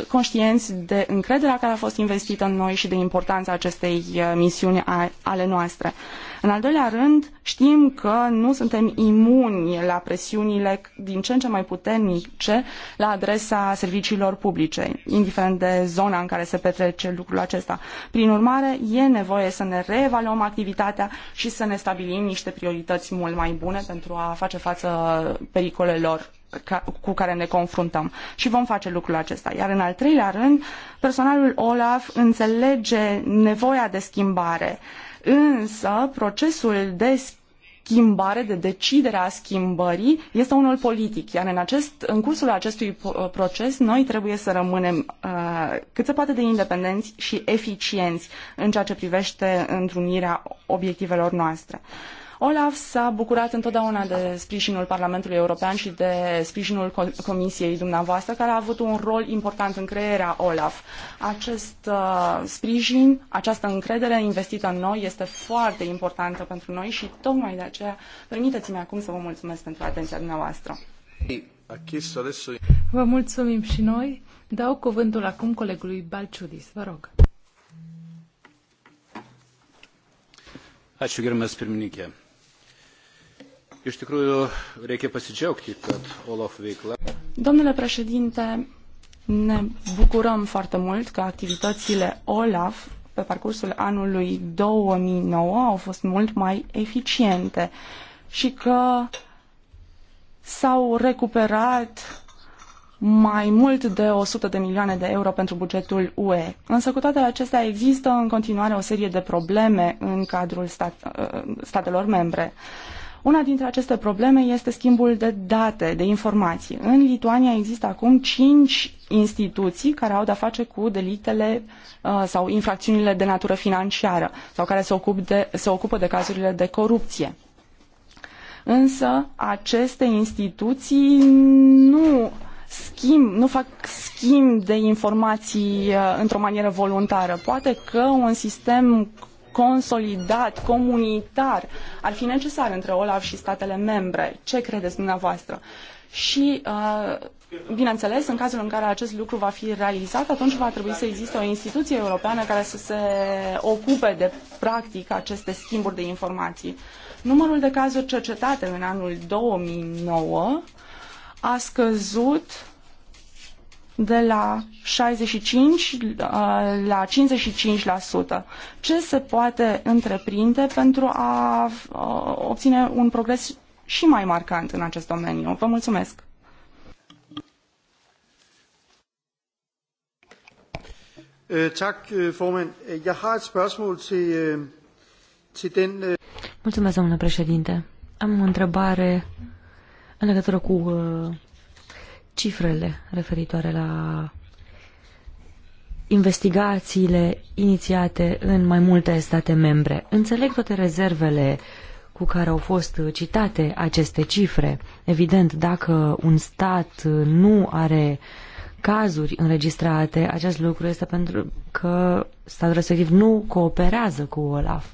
Speaker 4: conștienți de încrederea care a fost investită în noi și de importanța acestei uh, misiuni ale noastre. Uh, în al doilea rând, știm că nu suntem imuni la presiunile din ce în ce mai puternice la adresa serviciilor publice, indiferent de zona în care se petrece lucrul acesta. Prin urmare, e nevoie să ne reevaluăm activitatea și să ne stabilim niște priorități mult mai bune pentru a face față pericolelor cu care ne confruntăm și vom face lucrul acesta. Iar în al treilea rând, personalul OLAF înțelege nevoia de schimbare. Uh, Însă, procesul de schimbare, de decidere a schimbării, este unul politic. Iar în, acest, în cursul acestui uh, proces, noi trebuie să rămânem uh, cât se poate de independenți și eficienți în ceea ce privește întrunirea obiectivelor noastre. Uh, Olaf s-a bucurat întotdeauna de sprijinul Parlamentului European și de sprijinul Comisiei dumneavoastră, care a avut un rol important în crearea Olaf. Acest uh, sprijin, această încredere investită în noi este foarte importantă pentru noi și tocmai de aceea permiteți-mi acum să vă mulțumesc pentru atenția dumneavoastră.
Speaker 3: Vă mulțumim și noi. Dau cuvântul acum colegului Balciudis. Vă rog. Ačiū, gerbiamas pirmininkė. Iš tikrųjų, reikia pasidžiaugti, kad Olaf veikla.
Speaker 4: Domnule președinte, ne bucurăm foarte mult că activitățile Olaf pe parcursul anului 2009 au fost mult mai eficiente și că s-au recuperat mai mult de 100 de milioane de euro pentru bugetul UE. Însă cu toate acestea există în continuare o serie de probleme în cadrul stat, ă, statelor membre. Uh, una dintre aceste probleme este schimbul de date, de informații. În Lituania există acum cinci instituții care au de-a face cu delitele uh, sau infracțiunile de natură financiară sau care se, ocup de, se ocupă de cazurile de corupție. Însă aceste instituții nu schimb, nu fac schimb de informații uh, într-o manieră voluntară. Poate că un sistem consolidat, comunitar, ar fi necesar între OLAF și statele membre. Ce credeți dumneavoastră? Și uh, Bineînțeles, în cazul în care acest lucru va fi realizat, atunci va trebui să existe o instituție europeană care să se ocupe de practic aceste schimburi de informații. Numărul de cazuri cercetate în anul 2009 a scăzut de la 65 uh, la 55%. Ce se poate întreprinde pentru a uh, obține un progres și mai marcant în acest domeniu? Vă mulțumesc!
Speaker 1: Øh, tak, øh, formand. Jeg har et spørgsmål til, øh, til den...
Speaker 2: Mulțumesc, domnule președinte. Am o întrebare în legătură cu uh, cifrele referitoare la investigațiile inițiate în mai multe state membre. Înțeleg toate rezervele cu care au fost citate aceste cifre. Evident, dacă un stat nu are cazuri înregistrate, acest lucru este pentru că statul respectiv nu cooperează cu OLAF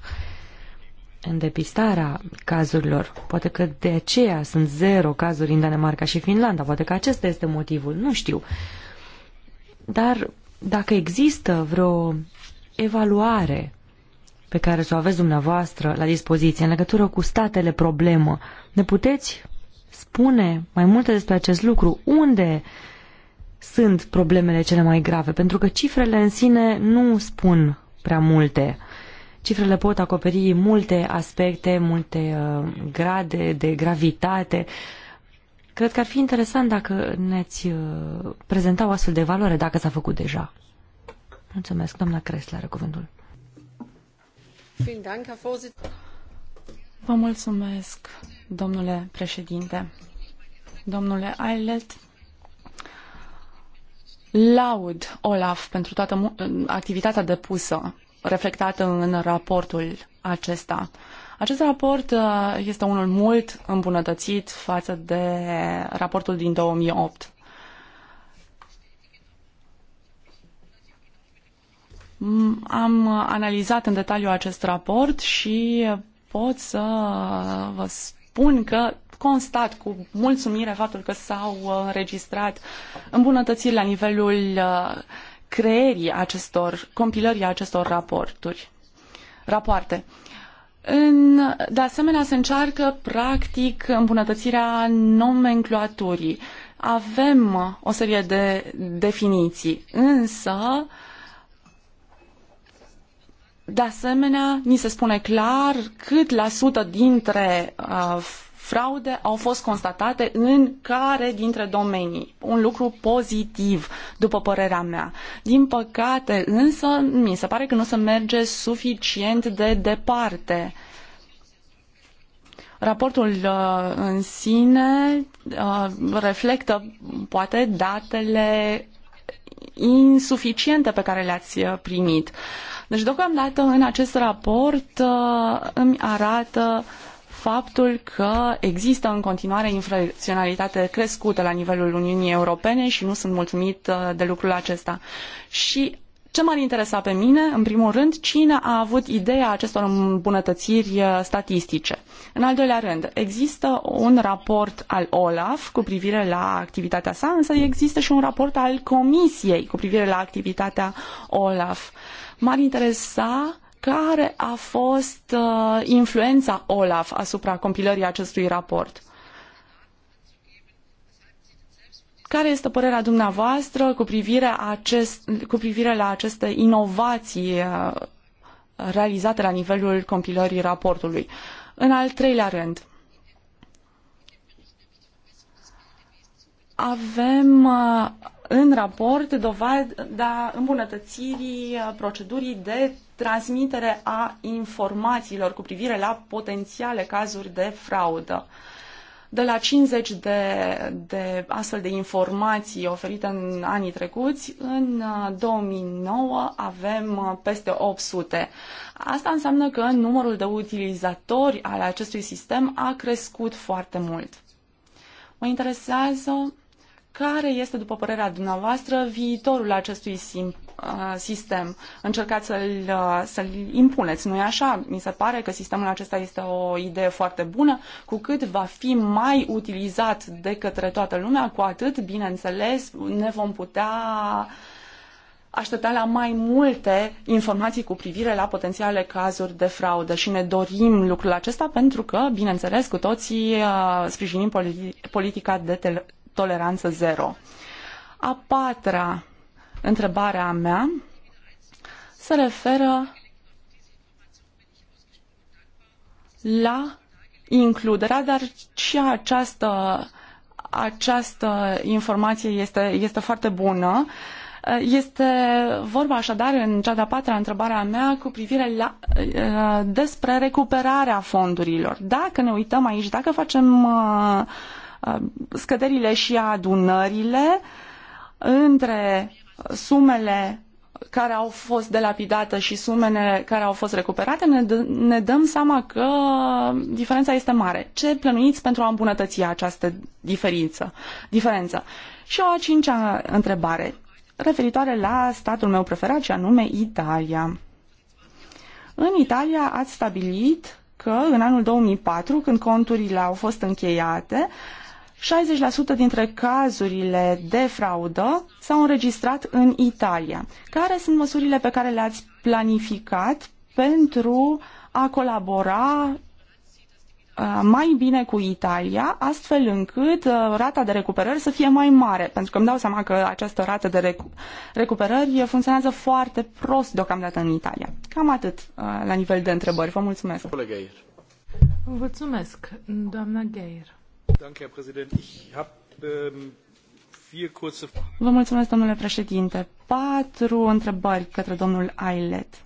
Speaker 2: în depistarea cazurilor. Poate că de aceea sunt zero cazuri în Danemarca și Finlanda. Poate că acesta este motivul. Nu știu. Dar dacă există vreo evaluare pe care să o aveți dumneavoastră la dispoziție în legătură cu statele problemă, ne puteți spune mai multe despre acest lucru? Unde sunt problemele cele mai grave? Pentru că cifrele în sine nu spun prea multe. Cifrele pot acoperi multe aspecte, multe uh, grade de gravitate. Cred că ar fi interesant dacă ne-ați uh, prezenta o astfel de valoare, dacă s-a făcut deja. Mulțumesc, doamna Cresle are cuvântul.
Speaker 4: Vă mulțumesc, domnule președinte. Domnule Eilert. laud Olaf pentru toată activitatea depusă reflectată în raportul acesta. Acest raport uh, este unul mult îmbunătățit față de raportul din 2008. Am analizat în detaliu acest raport și pot să vă spun că constat cu mulțumire faptul că s-au înregistrat uh, îmbunătățiri la nivelul uh, creierii acestor, compilării acestor raporturi, rapoarte. În, de asemenea, se încearcă, practic, îmbunătățirea nomenclaturii. Avem o serie de definiții, însă, de asemenea, ni se spune clar cât la sută dintre uh, fraude au fost constatate în care dintre domenii. Un lucru pozitiv, după părerea mea. Din păcate, însă, mi se pare că nu se merge suficient de departe. Raportul uh, în sine uh, reflectă poate datele insuficiente pe care le-ați uh, primit. Deci, deocamdată, în acest raport uh, îmi arată uh, faptul că există în continuare infracționalitate crescută la nivelul Uniunii Europene și nu sunt mulțumit uh, de lucrul acesta. Și ce m-ar interesa pe mine, în primul rând, cine a avut ideea acestor îmbunătățiri uh, statistice. În al doilea rând, există un raport al OLAF cu privire la activitatea sa, însă există și un raport al Comisiei cu privire la activitatea OLAF. M-ar interesa care a fost uh, influența Olaf asupra compilării acestui raport? Care este părerea dumneavoastră cu privire, acest, cu privire la aceste inovații uh, realizate la nivelul compilării raportului? În al treilea rând, avem uh, în raport dovada da, îmbunătățirii uh, procedurii de transmitere a informațiilor cu privire la potențiale cazuri de fraudă. De la 50 de, de astfel de informații oferite în anii trecuți, în 2009 uh, avem uh, peste 800. Asta înseamnă că numărul de utilizatori al acestui sistem a crescut foarte mult. Mă interesează care este, după părerea dumneavoastră, viitorul acestui sim, uh, sistem? Încercați să-l, uh, să-l impuneți, nu-i așa? Mi se pare că sistemul acesta este o idee foarte bună. Cu cât va fi mai utilizat de către toată lumea, cu atât, bineînțeles, ne vom putea aștepta la mai multe informații cu privire la potențiale cazuri de fraudă și ne dorim lucrul acesta pentru că, bineînțeles, cu toții uh, sprijinim politica de toleranță zero. A patra întrebare a mea se referă la includerea, dar și această, această informație este, este foarte bună. Este vorba așadar în cea de-a patra întrebare a mea cu privire la eh, despre recuperarea fondurilor. Dacă ne uităm aici, dacă facem eh, Uh, scăderile și adunările între sumele care au fost delapidate și sumele care au fost recuperate, ne, d- ne dăm seama că diferența este mare. Ce plănuiți pentru a îmbunătăți această diferență? diferență? Și o a cincea întrebare, referitoare la statul meu preferat, și anume Italia. În Italia ați stabilit că în anul 2004, când conturile au fost încheiate, uh, 60% dintre cazurile de fraudă s-au înregistrat în Italia. Care sunt măsurile pe care le-ați planificat pentru a colabora uh, mai bine cu Italia, astfel încât uh, rata de recuperări să fie mai mare, pentru că îmi dau seama că această rată de recu- recuperări funcționează foarte prost deocamdată în Italia. Cam atât uh, la nivel de întrebări. Vă mulțumesc. Vă
Speaker 3: mulțumesc, doamna Geir.
Speaker 1: Ähm,
Speaker 4: mulțumesc, domnule președinte. Patru întrebări către domnul Ailet.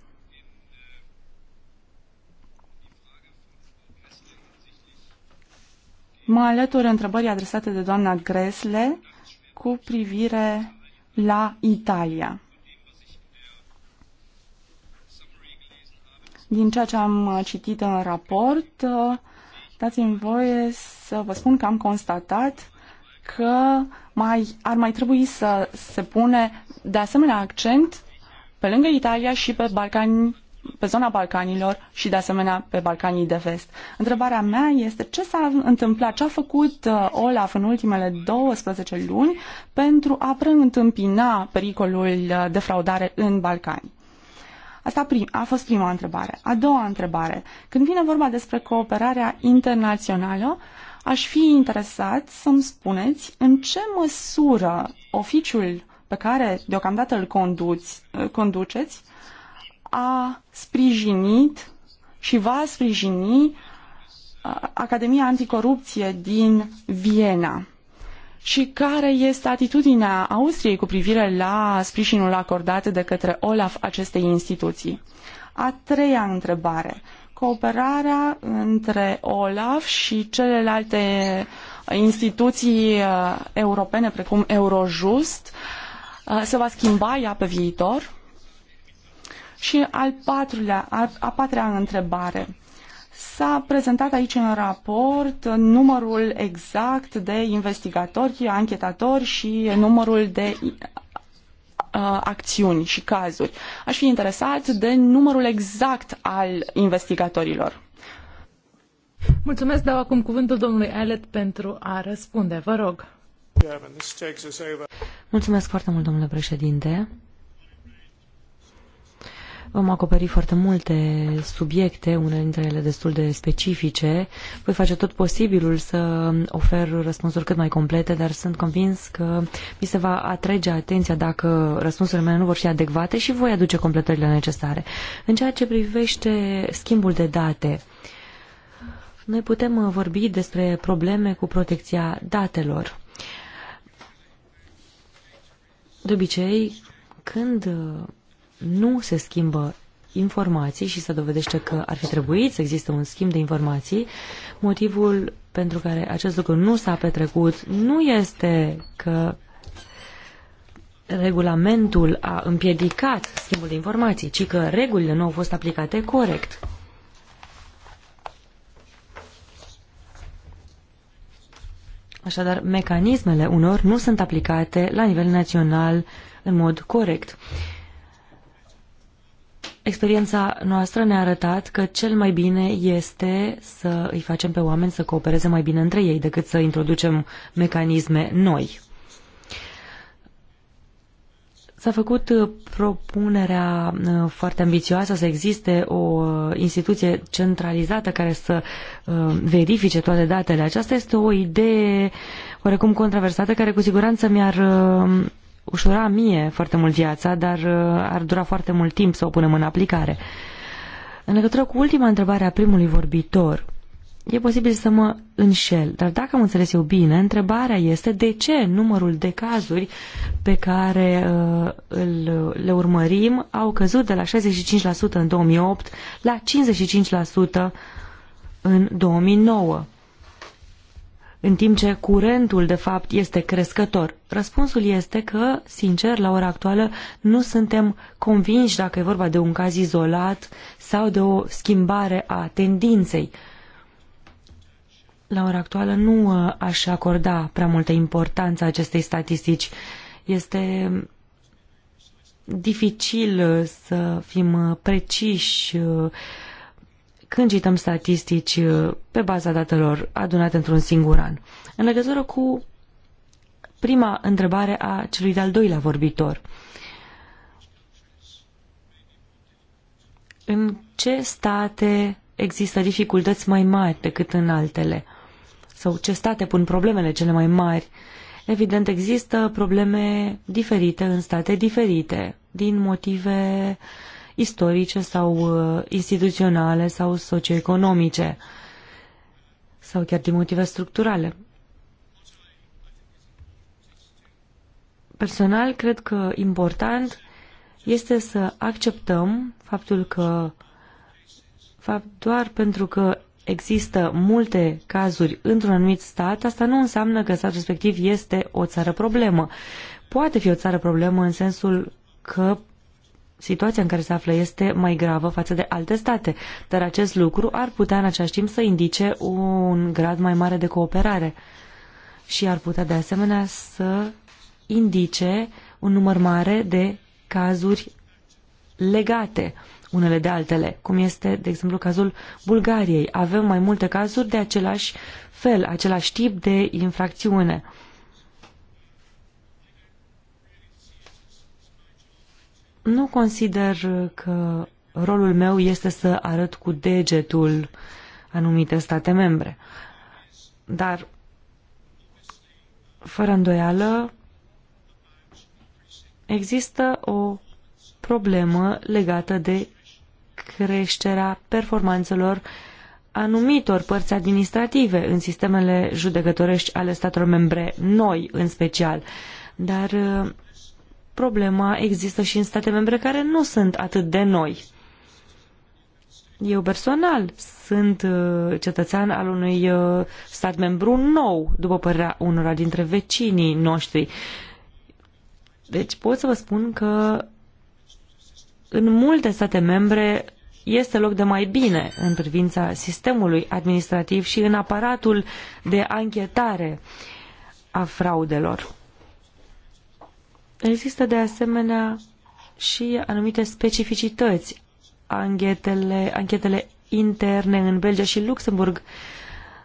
Speaker 4: Mă alătur întrebării adresate de doamna grle cu privire la Italia. Din ceea ce am citit în raport, dați-mi voie să vă spun că am constatat că mai, ar mai trebui să se pune de asemenea accent pe lângă Italia și pe Balcani pe zona Balcanilor și de asemenea pe Balcanii de vest. Întrebarea mea este ce s-a întâmplat, ce a făcut uh, Olaf în ultimele 12 luni pentru a preîntâmpina pericolul uh, de fraudare în Balcani. Asta prim, a fost prima întrebare. A doua întrebare. Când vine vorba despre cooperarea internațională, aș fi interesat să-mi spuneți în ce măsură oficiul pe care deocamdată îl conduți, conduceți a sprijinit și va sprijini uh, Academia Anticorupție din Viena și care este atitudinea Austriei cu privire la sprijinul acordat de către OLAF acestei instituții. A treia întrebare. Cooperarea între OLAF și celelalte instituții uh, europene, precum Eurojust, uh, se va schimba ea pe viitor? Și al patrulea, a, a patra întrebare. S-a prezentat aici în raport numărul exact de investigatori, anchetatori și numărul de uh, acțiuni și cazuri. Aș fi interesat de numărul exact al investigatorilor.
Speaker 3: Mulțumesc, dau acum cuvântul domnului Elet pentru a răspunde. Vă rog.
Speaker 2: Mulțumesc foarte mult, domnule președinte. Vom acoperi foarte multe subiecte, unele dintre ele destul de specifice. Voi face tot posibilul să ofer răspunsuri cât mai complete, dar sunt convins că mi se va atrage atenția dacă răspunsurile mele nu vor fi adecvate și voi aduce completările necesare. În ceea ce privește schimbul de date, noi putem vorbi despre probleme cu protecția datelor. De obicei, când nu se schimbă informații și se dovedește că ar fi trebuit să existe un schimb de informații, motivul pentru care acest lucru nu s-a petrecut nu este că regulamentul a împiedicat schimbul de informații, ci că regulile nu au fost aplicate corect. Așadar, mecanismele unor nu sunt aplicate la nivel național în mod corect. Experiența noastră ne-a arătat că cel mai bine este să îi facem pe oameni să coopereze mai bine între ei decât să introducem mecanisme noi. S-a făcut uh, propunerea uh, foarte ambițioasă să existe o uh, instituție centralizată care să verifice toate datele. Aceasta este o idee oarecum controversată care cu siguranță mi-ar ușura mie foarte mult viața, dar uh, ar dura foarte mult timp să o punem în aplicare. În legătură cu ultima întrebare a primului vorbitor, e posibil să mă înșel, dar dacă am înțeles eu bine, întrebarea este de ce numărul de cazuri pe care uh, îl, le urmărim au căzut de la 65% în 2008 la 55% în 2009 în timp ce curentul, de fapt, este crescător? Răspunsul este că, sincer, la ora actuală, nu suntem convinși dacă e vorba de un caz izolat sau de o schimbare a tendinței. La ora actuală nu uh, aș acorda prea multă importanță acestei statistici. Este dificil uh, să fim uh, preciși când cităm statistici uh, pe baza datelor adunate într-un singur an. În legătură cu prima întrebare a celui de-al doilea vorbitor, în ce state există dificultăți mai mari decât în altele? Sau ce state pun problemele cele mai mari? Evident, există probleme diferite în state diferite, din motive uh, istorice sau uh, instituționale sau socioeconomice sau chiar din motive structurale. Personal, cred că important este să acceptăm faptul că fapt, doar pentru că există multe cazuri într-un anumit stat, asta nu înseamnă că statul respectiv este o țară problemă. Poate fi o țară problemă în sensul că situația în care se află este mai gravă față de alte state, dar acest lucru ar putea în același timp să indice un grad mai mare de cooperare și ar putea de asemenea să indice un număr mare de cazuri legate unele de altele, cum este, de exemplu, cazul Bulgariei. Avem mai multe cazuri de același fel, același tip de infracțiune. Nu consider că rolul meu este să arăt cu degetul anumite state membre. Dar, fără îndoială, există o problemă legată de creșterea performanțelor anumitor părți administrative în sistemele judecătorești ale statelor membre, noi în special. Dar problema există și în state membre care nu sunt atât de noi. Eu personal sunt uh, cetățean al unui uh, stat membru nou, după părerea unora dintre vecinii noștri. Deci pot să vă spun că în multe state membre este loc de mai bine în privința sistemului administrativ și în aparatul de anchetare a fraudelor. Există de asemenea și anumite specificități. Anchetele, anchetele interne în Belgia și Luxemburg,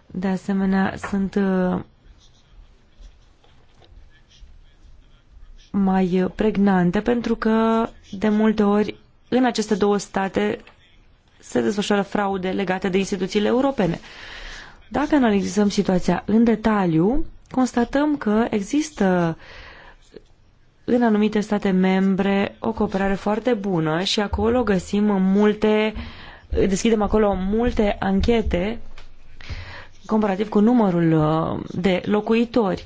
Speaker 2: de asemenea, sunt uh, mai pregnante pentru că, de multe ori, în aceste două state se desfășoară fraude legate de instituțiile europene. Dacă analizăm situația în detaliu, constatăm că există uh, în anumite state membre o cooperare foarte bună și acolo găsim multe, deschidem acolo multe anchete comparativ cu numărul uh, de locuitori.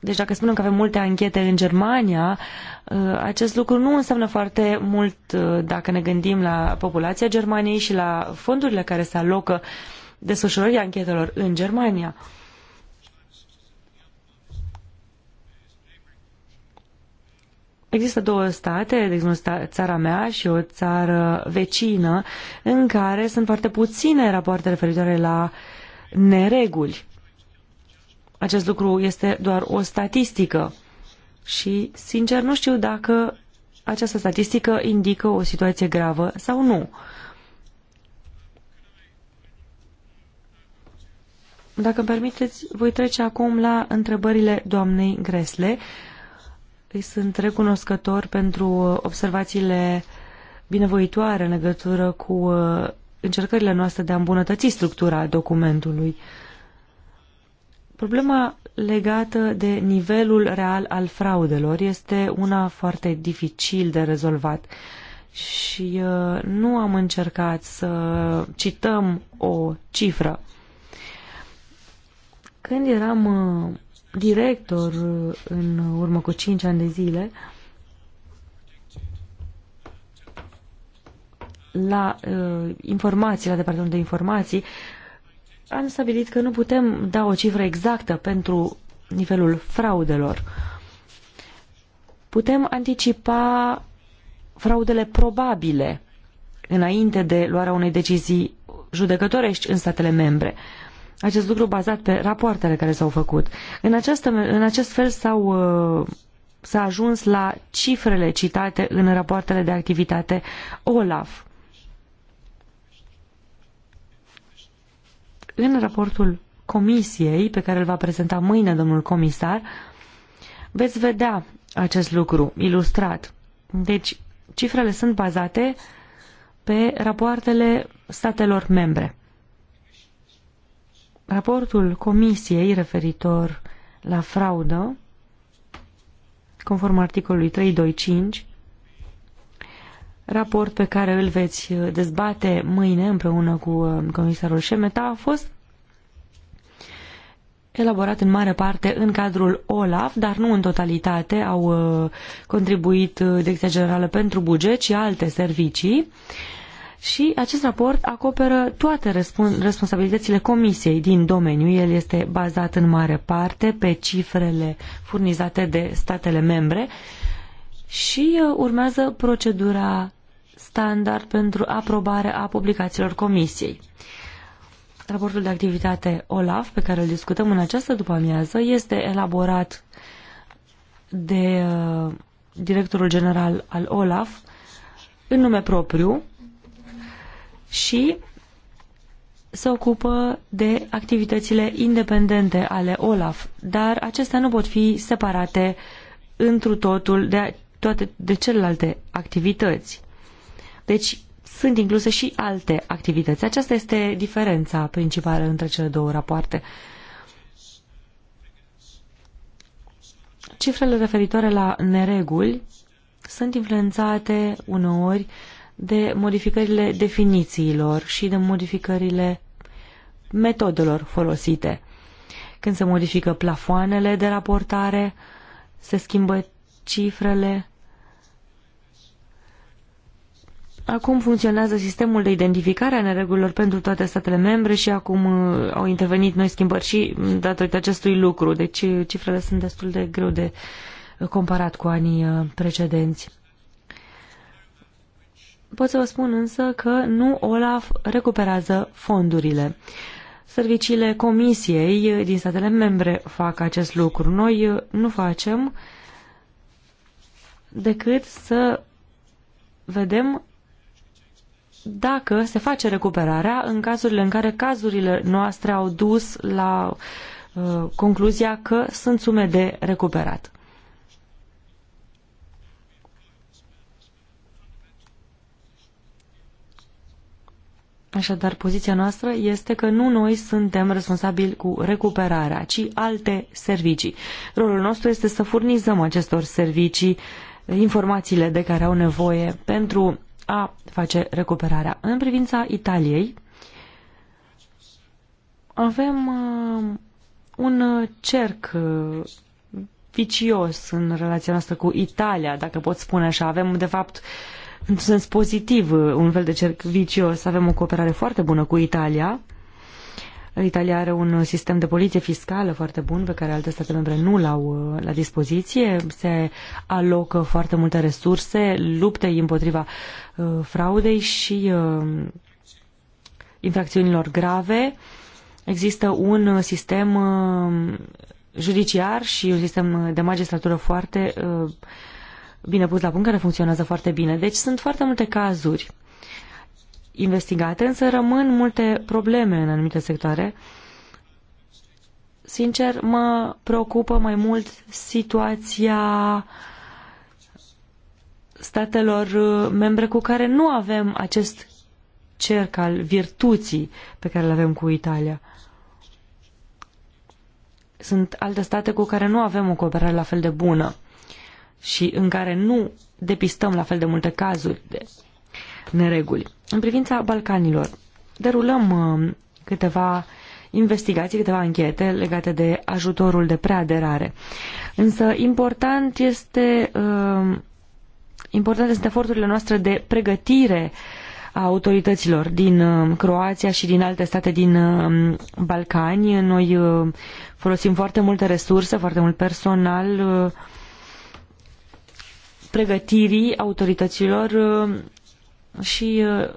Speaker 2: Deci dacă spunem că avem multe anchete în Germania, uh, acest lucru nu înseamnă foarte mult uh, dacă ne gândim la populația Germaniei și la fondurile care se alocă desfășurării anchetelor în Germania. Există două state, de exemplu țara mea și o țară vecină, în care sunt foarte puține rapoarte referitoare la nereguli. Acest lucru este doar o statistică și, sincer, nu știu dacă această statistică indică o situație gravă sau nu. Dacă îmi permiteți, voi trece acum la întrebările doamnei Gresle. Uh, îi sunt recunoscător pentru observațiile binevoitoare în legătură cu uh, încercările noastre de a îmbunătăți structura documentului. Problema legată de nivelul real al fraudelor este una foarte dificil de rezolvat și uh, nu am încercat să cităm o cifră. Când eram uh, director uh, în urmă cu 5 ani de zile la uh, informații, la departamentul de informații, am stabilit că nu putem da o cifră exactă pentru nivelul fraudelor. Putem anticipa fraudele probabile înainte de luarea unei decizii judecătorești în statele membre. Uh, acest lucru bazat pe rapoartele care s-au făcut. În, această, în acest fel s-au uh, s-a ajuns la cifrele citate în rapoartele de activitate OLAF. În raportul comisiei, pe care îl va prezenta mâine domnul comisar, veți vedea acest lucru ilustrat. Deci, cifrele sunt bazate pe rapoartele statelor membre. Raportul Comisiei referitor la fraudă, conform articolului 325, raport pe care îl veți dezbate mâine împreună cu uh, comisarul Șemeta, a fost elaborat în mare parte în cadrul OLAF, dar nu în totalitate, au uh, contribuit uh, Direcția Generală pentru Buget și alte servicii și acest raport acoperă toate responsabilitățile comisiei din domeniu. El este bazat în mare parte pe cifrele furnizate de statele membre și uh, urmează procedura standard pentru aprobare a publicațiilor comisiei. Raportul de activitate OLAF, pe care îl discutăm în această după-amiază, este elaborat de uh, directorul general al OLAF în nume propriu, și se ocupă de activitățile independente ale OLAF, dar acestea nu pot fi separate întru totul de, toate, de celelalte activități. Deci sunt incluse și alte activități. Aceasta este diferența principală între cele două rapoarte. Cifrele referitoare la nereguli sunt influențate uneori uh, de modificările definițiilor și de modificările metodelor folosite. Când se modifică plafoanele de raportare, se schimbă cifrele. Acum funcționează sistemul de identificare a neregulilor pentru toate statele membre și acum uh, au intervenit noi schimbări și mm, datorită acestui lucru. Deci uh, cifrele sunt destul de greu de uh, comparat cu anii precedenți. Pot să vă spun însă că nu OLAF recuperează fondurile. Serviciile comisiei din statele membre fac acest lucru. Noi uh, nu facem decât să vedem dacă se face recuperarea în cazurile în care cazurile noastre au dus la uh, concluzia că sunt sume de recuperat. Așadar, poziția noastră este că nu noi suntem responsabili cu recuperarea, ci alte servicii. Rolul nostru este să furnizăm acestor servicii informațiile de care au nevoie pentru a face recuperarea. În privința Italiei, avem uh, un cerc uh, vicios în relația noastră cu Italia, dacă pot spune așa. Avem, de fapt, uh, în sens pozitiv un fel de cerc vicios. Avem o cooperare foarte bună cu Italia. Italia are un sistem de poliție fiscală foarte bun pe care alte state membre nu l-au uh, la dispoziție. Se alocă foarte multe resurse lupte împotriva uh, fraudei și uh, infracțiunilor grave. Există un uh, sistem uh, judiciar și un sistem de magistratură foarte uh, bine pus la punct, care funcționează foarte bine. Deci sunt foarte multe cazuri investigate, însă rămân multe probleme în anumite sectoare. Sincer, mă preocupă mai mult situația statelor uh, membre cu care nu avem acest cerc al virtuții pe care îl avem cu Italia. Sunt alte state cu care nu avem o cooperare la fel de bună și în care nu depistăm la fel de multe cazuri de nereguli. În privința Balcanilor, derulăm uh, câteva investigații, câteva închete legate de ajutorul de preaderare. Însă important este uh, important sunt eforturile noastre de pregătire a autorităților din uh, Croația și din alte state din Balcani. Noi folosim foarte multe resurse, foarte mult personal pregătirii autorităților uh, și uh,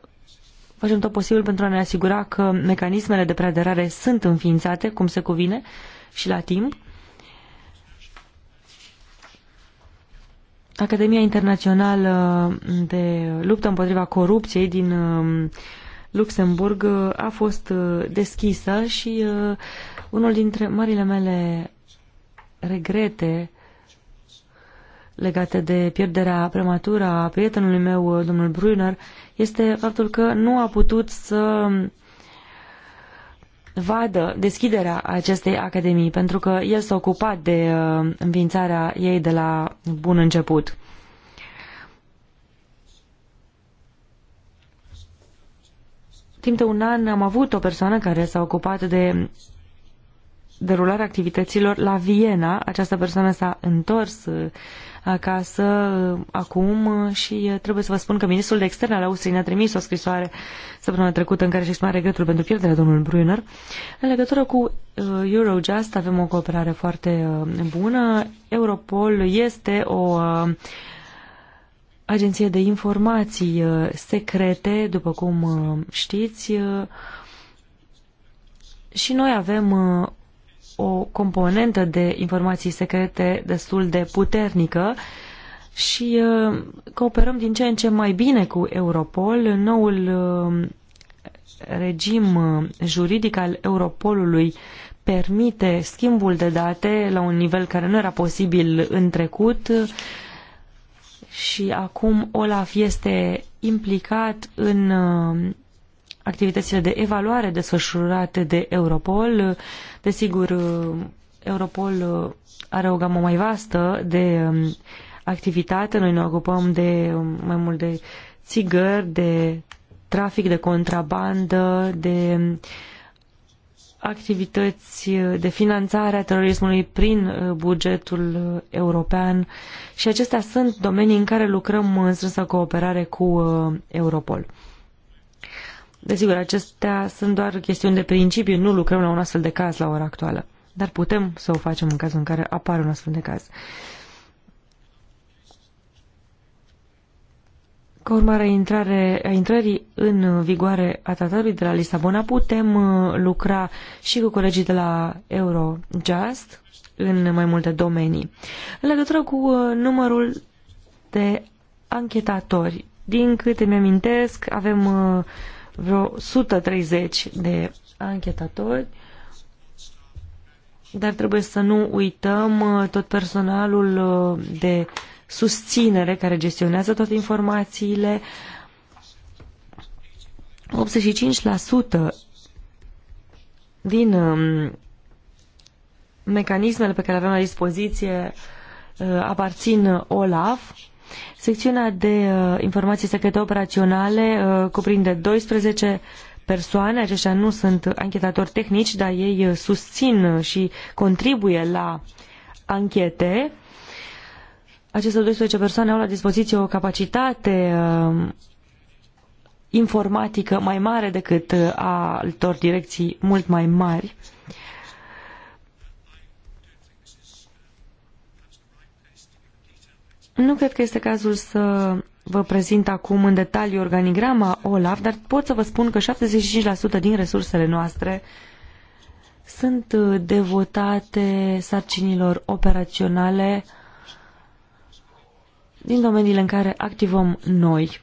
Speaker 2: facem tot posibil pentru a ne asigura că mecanismele de preaderare sunt înființate cum se cuvine și la timp. Academia Internațională de Luptă împotriva Corupției din uh, Luxemburg a fost deschisă și unul dintre marile mele regrete legate de pierderea prematură a prietenului meu, domnul Brunner, este faptul că nu a putut să vadă deschiderea acestei academii, pentru că el s-a ocupat de uh, înființarea ei de la bun început. Timp de un an am avut o persoană care s-a ocupat de derularea activităților la Viena. Această persoană s-a întors uh, acasă acum și uh, trebuie să vă spun că ministrul de externe al Austriei ne-a trimis o scrisoare săptămâna trecută în care își exprima regretul pentru pierderea domnului Brunner. În legătură cu uh, Eurojust avem o cooperare foarte uh, bună. Europol este o agenție de informații secrete, după cum știți, și noi avem o componentă de informații secrete destul de puternică și uh, cooperăm din ce în ce mai bine cu Europol. Noul uh, regim uh, juridic al Europolului permite schimbul de date la un nivel care nu era posibil în trecut și acum Olaf este implicat în activitățile de evaluare desfășurate de Europol. Desigur, Europol are o gamă mai vastă de um, activitate. Noi ne ocupăm de um, mai mult de țigări, de trafic, de contrabandă, de um, activități de finanțare a terorismului prin uh, bugetul uh, european și acestea sunt domenii în care lucrăm în strânsă cooperare cu uh, Europol. Desigur, acestea sunt doar chestiuni de principiu, nu lucrăm la un astfel de caz la ora actuală, dar putem să o facem în cazul în care apare un astfel de caz. Ca urmare a, intrare, a intrării în vigoare a tratatului de la Lisabona, putem uh, lucra și cu colegii de la Eurojust în mai multe domenii. În legătură cu uh, numărul de anchetatori, din câte mi-amintesc, avem uh, vreo 130 de anchetatori, dar trebuie să nu uităm uh, tot personalul uh, de susținere care gestionează toate informațiile. 85% din um, mecanismele pe care le avem la dispoziție uh, aparțin OLAF, Secțiunea de uh, informații secrete operaționale uh, cuprinde 12 persoane, aceștia nu sunt anchetatori tehnici, dar ei uh, susțin și contribuie la anchete. Aceste 12 persoane au la dispoziție o capacitate informatică mai mare decât a altor direcții mult mai mari. Nu cred că este cazul să vă prezint acum în detaliu organigrama OLAF, dar pot să vă spun că 75% din resursele noastre sunt uh, devotate sarcinilor operaționale din domeniile în care activăm noi.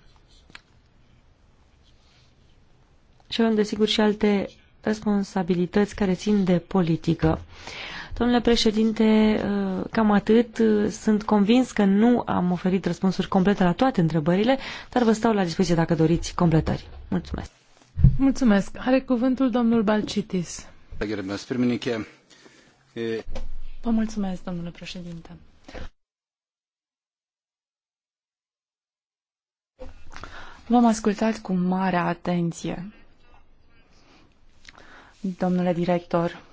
Speaker 2: Și avem, desigur, și alte responsabilități care țin de politică. Domnule președinte, uh, cam atât. Uh, sunt convins că nu am oferit răspunsuri complete la toate întrebările, dar vă stau la dispoziție dacă doriți completări. Mulțumesc.
Speaker 3: Mulțumesc. Are cuvântul domnul Balcitis. Vă mulțumesc,
Speaker 4: domnule președinte. V-am ascultat cu mare atenție, domnule director.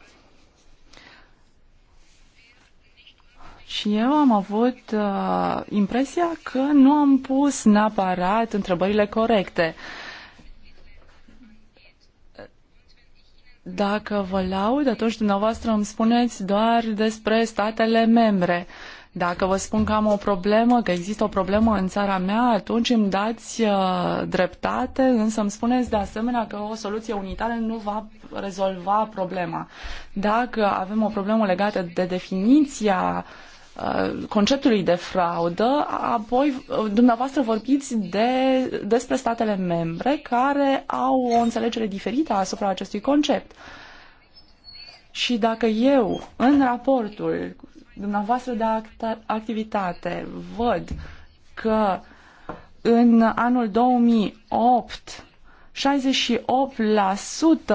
Speaker 4: Și eu am avut uh, impresia că nu am pus neapărat întrebările corecte. Dacă vă laud, atunci dumneavoastră îmi spuneți doar despre statele membre. Dacă vă spun că am o problemă, că există o problemă în țara mea, atunci îmi dați uh, dreptate, însă îmi spuneți de asemenea că o soluție unitară nu va rezolva problema. Dacă avem o problemă legată de definiția uh, Uh, conceptului de fraudă, apoi uh, dumneavoastră vorbiți de, despre statele membre care au o înțelegere diferită asupra acestui concept. Și dacă eu, în raportul dumneavoastră de act- activitate, văd că în anul 2008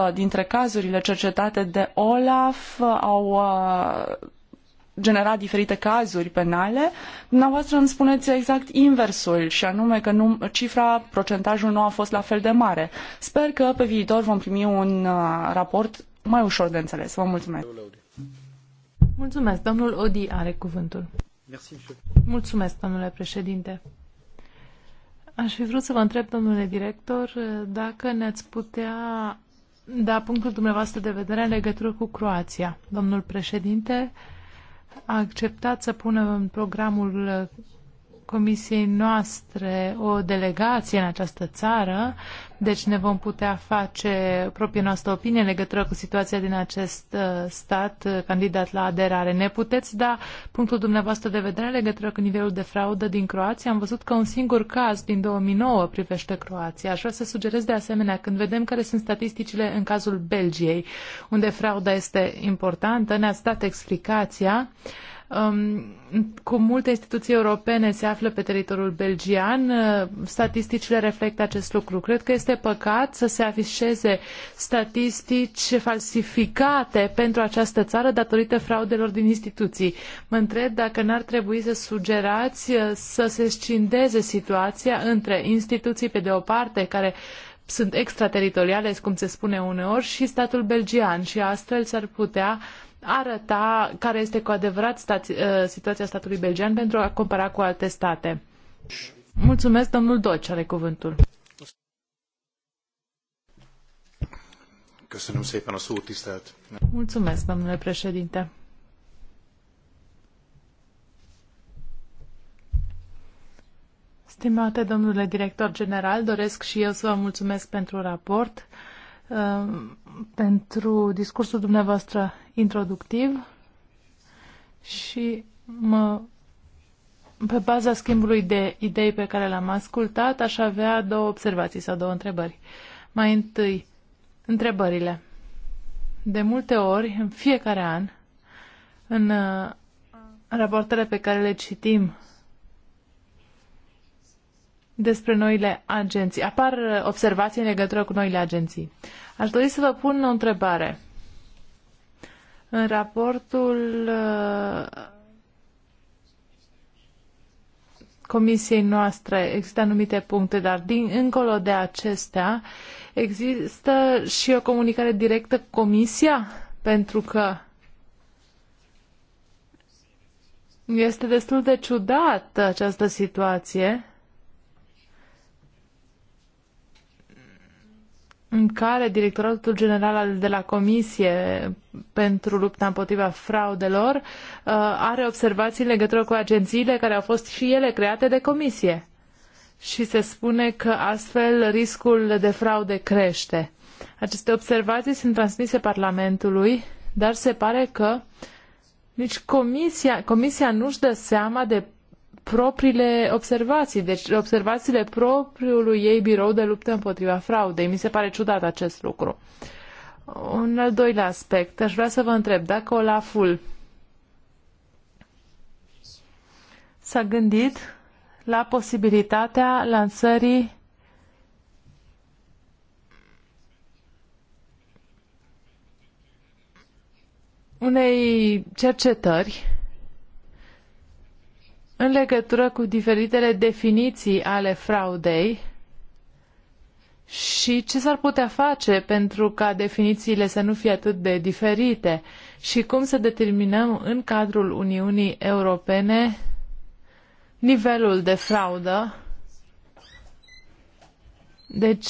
Speaker 4: 68% dintre cazurile cercetate de OLAF au uh, genera diferite cazuri penale, dumneavoastră îmi spuneți exact inversul și anume că nu, cifra, procentajul nu a fost la fel de mare. Sper că pe viitor vom primi un uh, raport mai ușor de înțeles. Vă mulțumesc.
Speaker 3: Mulțumesc. Domnul Odi are cuvântul. Mulțumesc, domnule președinte. Aș fi vrut să vă întreb, domnule director, dacă ne-ați putea da punctul dumneavoastră de vedere în legătură cu Croația. Domnul președinte a acceptat să pună în programul comisiei noastre o delegație în această țară, deci ne vom putea face propria noastră opinie în legătură cu situația din acest uh, stat uh, candidat la aderare. Ne puteți da punctul dumneavoastră de vedere în legătură cu nivelul de fraudă din Croația? Am văzut că un singur caz din 2009 privește Croația. Aș vrea să sugerez de asemenea, când vedem care sunt statisticile în cazul Belgiei, unde frauda este importantă, ne-ați dat explicația. Uh, Um, cu multe instituții europene se află pe teritoriul belgian. Uh, statisticile reflectă acest lucru. Cred că este păcat să se afișeze statistici falsificate pentru această țară datorită fraudelor din instituții. Mă întreb dacă n-ar trebui să sugerați uh, să se scindeze situația între instituții pe de o parte care sunt extrateritoriale, cum se spune uneori, și statul belgian și astfel s-ar putea arăta care este cu adevărat stați, uh, situația statului belgian pentru a compara cu alte state. Mulțumesc, domnul Doci are cuvântul. Mulțumesc, domnule președinte. Stimate domnule director general, doresc și eu să vă mulțumesc pentru raport. Ehm, pentru discursul dumneavoastră introductiv și mă, pe baza schimbului de idei pe care l-am ascultat, aș avea două observații sau două întrebări. Mai întâi, întrebările. De multe ori, în fiecare an, în eh, rapoartele pe care le citim despre noile agenții. Apar uh, observații în legătură cu noile agenții. Aș dori să vă pun o întrebare. În raportul uh, comisiei noastre există anumite puncte, dar din, încolo de acestea există și o comunicare directă cu comisia, pentru că este destul de ciudată această situație. în care Directoratul General de la Comisie pentru lupta împotriva fraudelor uh, are observații în legătură cu agențiile care au fost și ele create de comisie. Și se spune că astfel riscul de fraude crește. Aceste observații sunt transmise Parlamentului, dar se pare că nici comisia, comisia nu-și dă seama de propriile observații, deci observațiile propriului ei birou de luptă împotriva fraudei. Mi se pare ciudat acest lucru. Un al doilea aspect, aș vrea să vă întreb dacă Olaful s-a gândit la posibilitatea lansării unei cercetări în legătură cu diferitele definiții ale fraudei și ce s-ar putea face pentru ca definițiile să nu fie atât de diferite și cum să determinăm în cadrul Uniunii Europene nivelul de fraudă. Deci,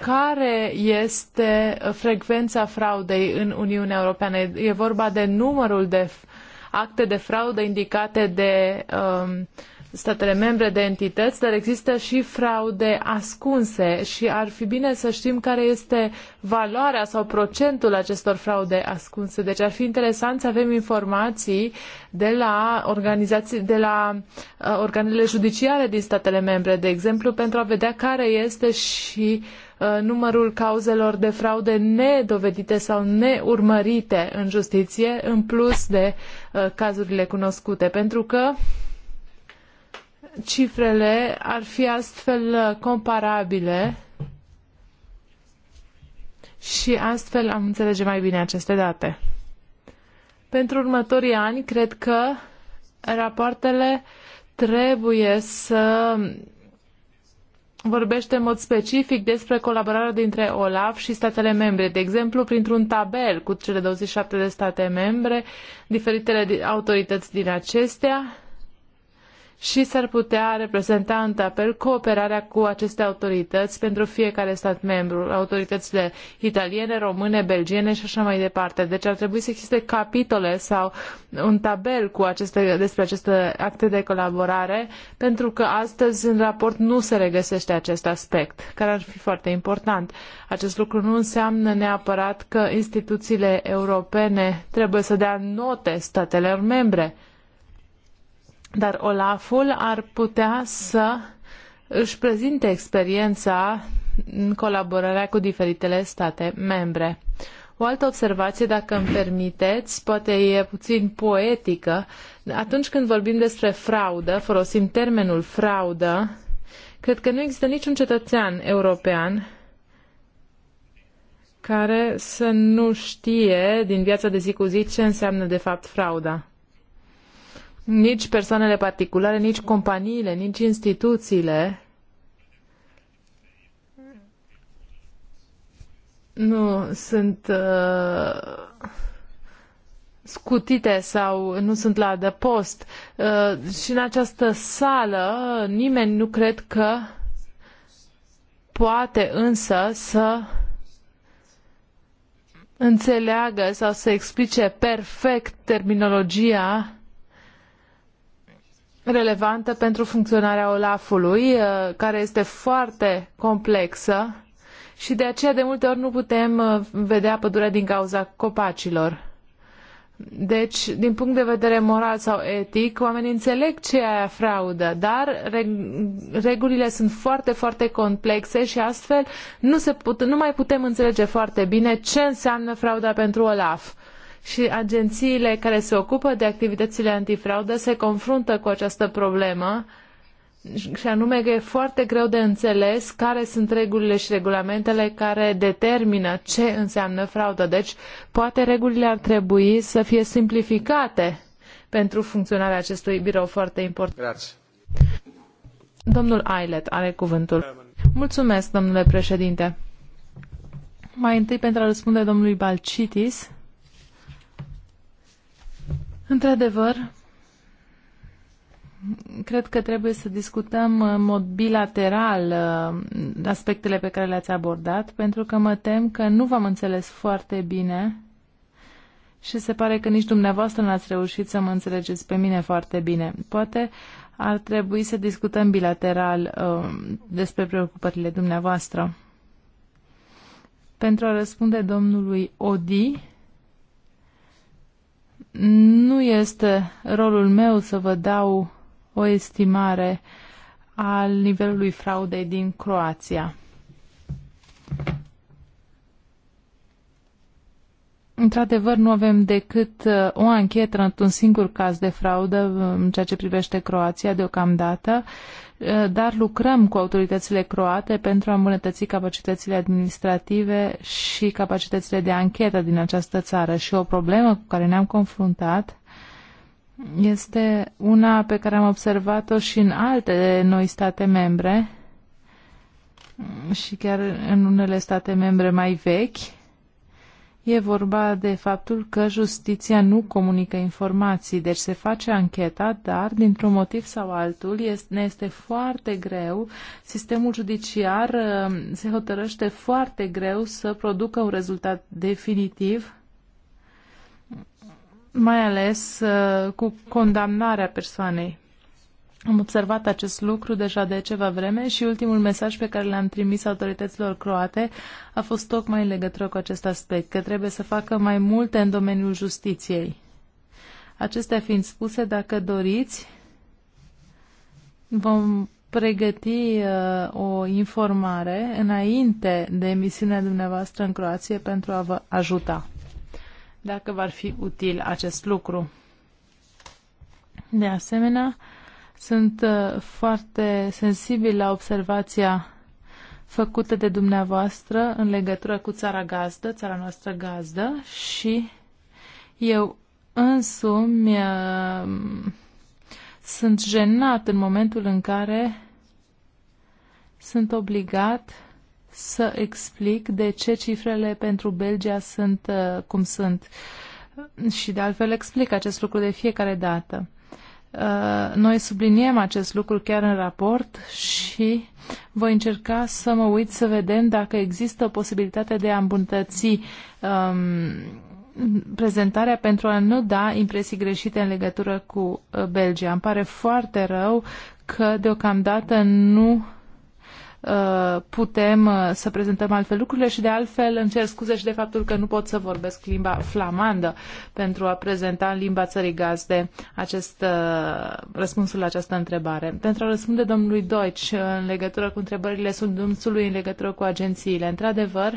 Speaker 3: care este frecvența fraudei în Uniunea Europeană? E vorba de numărul de uh, acte de fraudă indicate de um, statele membre, de entități, dar există și fraude ascunse și ar fi bine să știm care este valoarea sau procentul acestor fraude ascunse. Deci ar fi interesant să avem informații de la organizații, de la uh, organele judiciare din statele membre, de exemplu, pentru a vedea care este și uh, numărul cauzelor de fraude nedovedite sau neurmărite în justiție, în plus de uh, cazurile cunoscute, pentru că cifrele ar fi astfel uh, comparabile și astfel am înțelege mai bine aceste date. Pentru următorii ani, cred că rapoartele trebuie să vorbește în mod specific despre colaborarea dintre OLAF și statele membre, de exemplu printr-un tabel cu cele 27 de state membre, diferitele autorități din acestea, și s-ar putea reprezenta în tabel cooperarea cu aceste autorități pentru fiecare stat membru, autoritățile italiene, române, belgiene și așa mai departe. Deci ar trebui să existe capitole sau un tabel cu aceste, despre aceste acte de colaborare, pentru că astăzi în raport nu se regăsește acest aspect, care ar fi foarte important. Acest lucru nu înseamnă neapărat că instituțiile europene trebuie să dea note statelor membre dar Olaful ar putea să își prezinte experiența în colaborarea cu diferitele state membre. O altă observație, dacă îmi permiteți, poate e puțin poetică. Atunci când vorbim despre fraudă, folosim termenul fraudă, cred că nu există niciun cetățean european care să nu știe din viața de zi cu zi ce înseamnă de fapt frauda nici persoanele particulare, nici companiile, nici instituțiile nu sunt uh, scutite sau nu sunt la adăpost. Uh, și în această sală nimeni nu cred că poate însă să înțeleagă sau să explice perfect terminologia relevantă pentru funcționarea OLAF-ului, uh, care este foarte complexă și de aceea de multe ori nu putem uh, vedea pădurea din cauza copacilor. Deci, din punct de vedere moral sau etic, oamenii înțeleg ce e fraudă, dar regulile sunt foarte, foarte complexe și astfel nu, se put, nu mai putem înțelege foarte bine ce înseamnă frauda pentru OLAF și agențiile care se ocupă de activitățile antifraudă se confruntă cu această problemă și anume că e foarte greu de înțeles care sunt regulile și regulamentele care determină ce înseamnă fraudă. Deci, poate regulile ar trebui să fie simplificate pentru funcționarea acestui birou foarte important. Grazie. Domnul Ailet are cuvântul. Mulțumesc, domnule președinte. Mai întâi pentru a răspunde domnului Balcitis. Într-adevăr, cred că trebuie să discutăm în mod bilateral uh, aspectele pe care le-ați abordat, pentru că mă tem că nu v-am înțeles foarte bine și se pare că nici dumneavoastră n-ați reușit să mă înțelegeți pe mine foarte bine. Poate ar trebui să discutăm bilateral uh, despre preocupările dumneavoastră. Pentru a răspunde domnului Odi, nu este rolul meu să vă dau o estimare al nivelului fraudei din Croația. Într-adevăr, nu avem decât uh, o anchetă într-un singur caz de fraudă uh, în ceea ce privește Croația deocamdată Eh, dar lucrăm cu autoritățile croate pentru a îmbunătăți capacitățile administrative și capacitățile de anchetă din această țară. Și o problemă cu care ne-am confruntat este una pe care am observat-o și în alte noi state membre și chiar în unele state membre mai vechi, E vorba de faptul că justiția nu comunică informații, deci se face ancheta, dar dintr-un motiv sau altul este, ne este foarte greu, sistemul judiciar uh, se hotărăște foarte greu să producă un rezultat definitiv, mai ales uh, cu condamnarea persoanei. Am observat acest lucru deja de ceva vreme și ultimul mesaj pe care l-am trimis autorităților croate a fost tocmai în legătură cu acest aspect, că trebuie să facă mai multe în domeniul justiției. Acestea fiind spuse, dacă doriți, vom pregăti uh, o informare înainte de emisiunea dumneavoastră în Croație pentru a vă ajuta, dacă v-ar fi util acest lucru. De asemenea, sunt uh, foarte sensibil la observația făcută de dumneavoastră în legătură cu țara gazdă, țara noastră gazdă și eu însumi uh, sunt jenat în momentul în care sunt obligat să explic de ce cifrele pentru Belgia sunt uh, cum sunt. Și de altfel explic acest lucru de fiecare dată. Uh, noi subliniem acest lucru chiar în raport și voi încerca să mă uit să vedem dacă există posibilitatea de a îmbunătăți um, prezentarea pentru a nu da impresii greșite în legătură cu uh, Belgia. Îmi pare foarte rău că deocamdată nu Uh, putem uh, să prezentăm altfel lucrurile și de altfel îmi cer scuze și de faptul că nu pot să vorbesc limba flamandă pentru a prezenta în limba țării gazde acest, uh, răspunsul la această întrebare. Pentru a răspunde domnului Deutsch în legătură cu întrebările sundumțului în legătură cu agențiile, într-adevăr,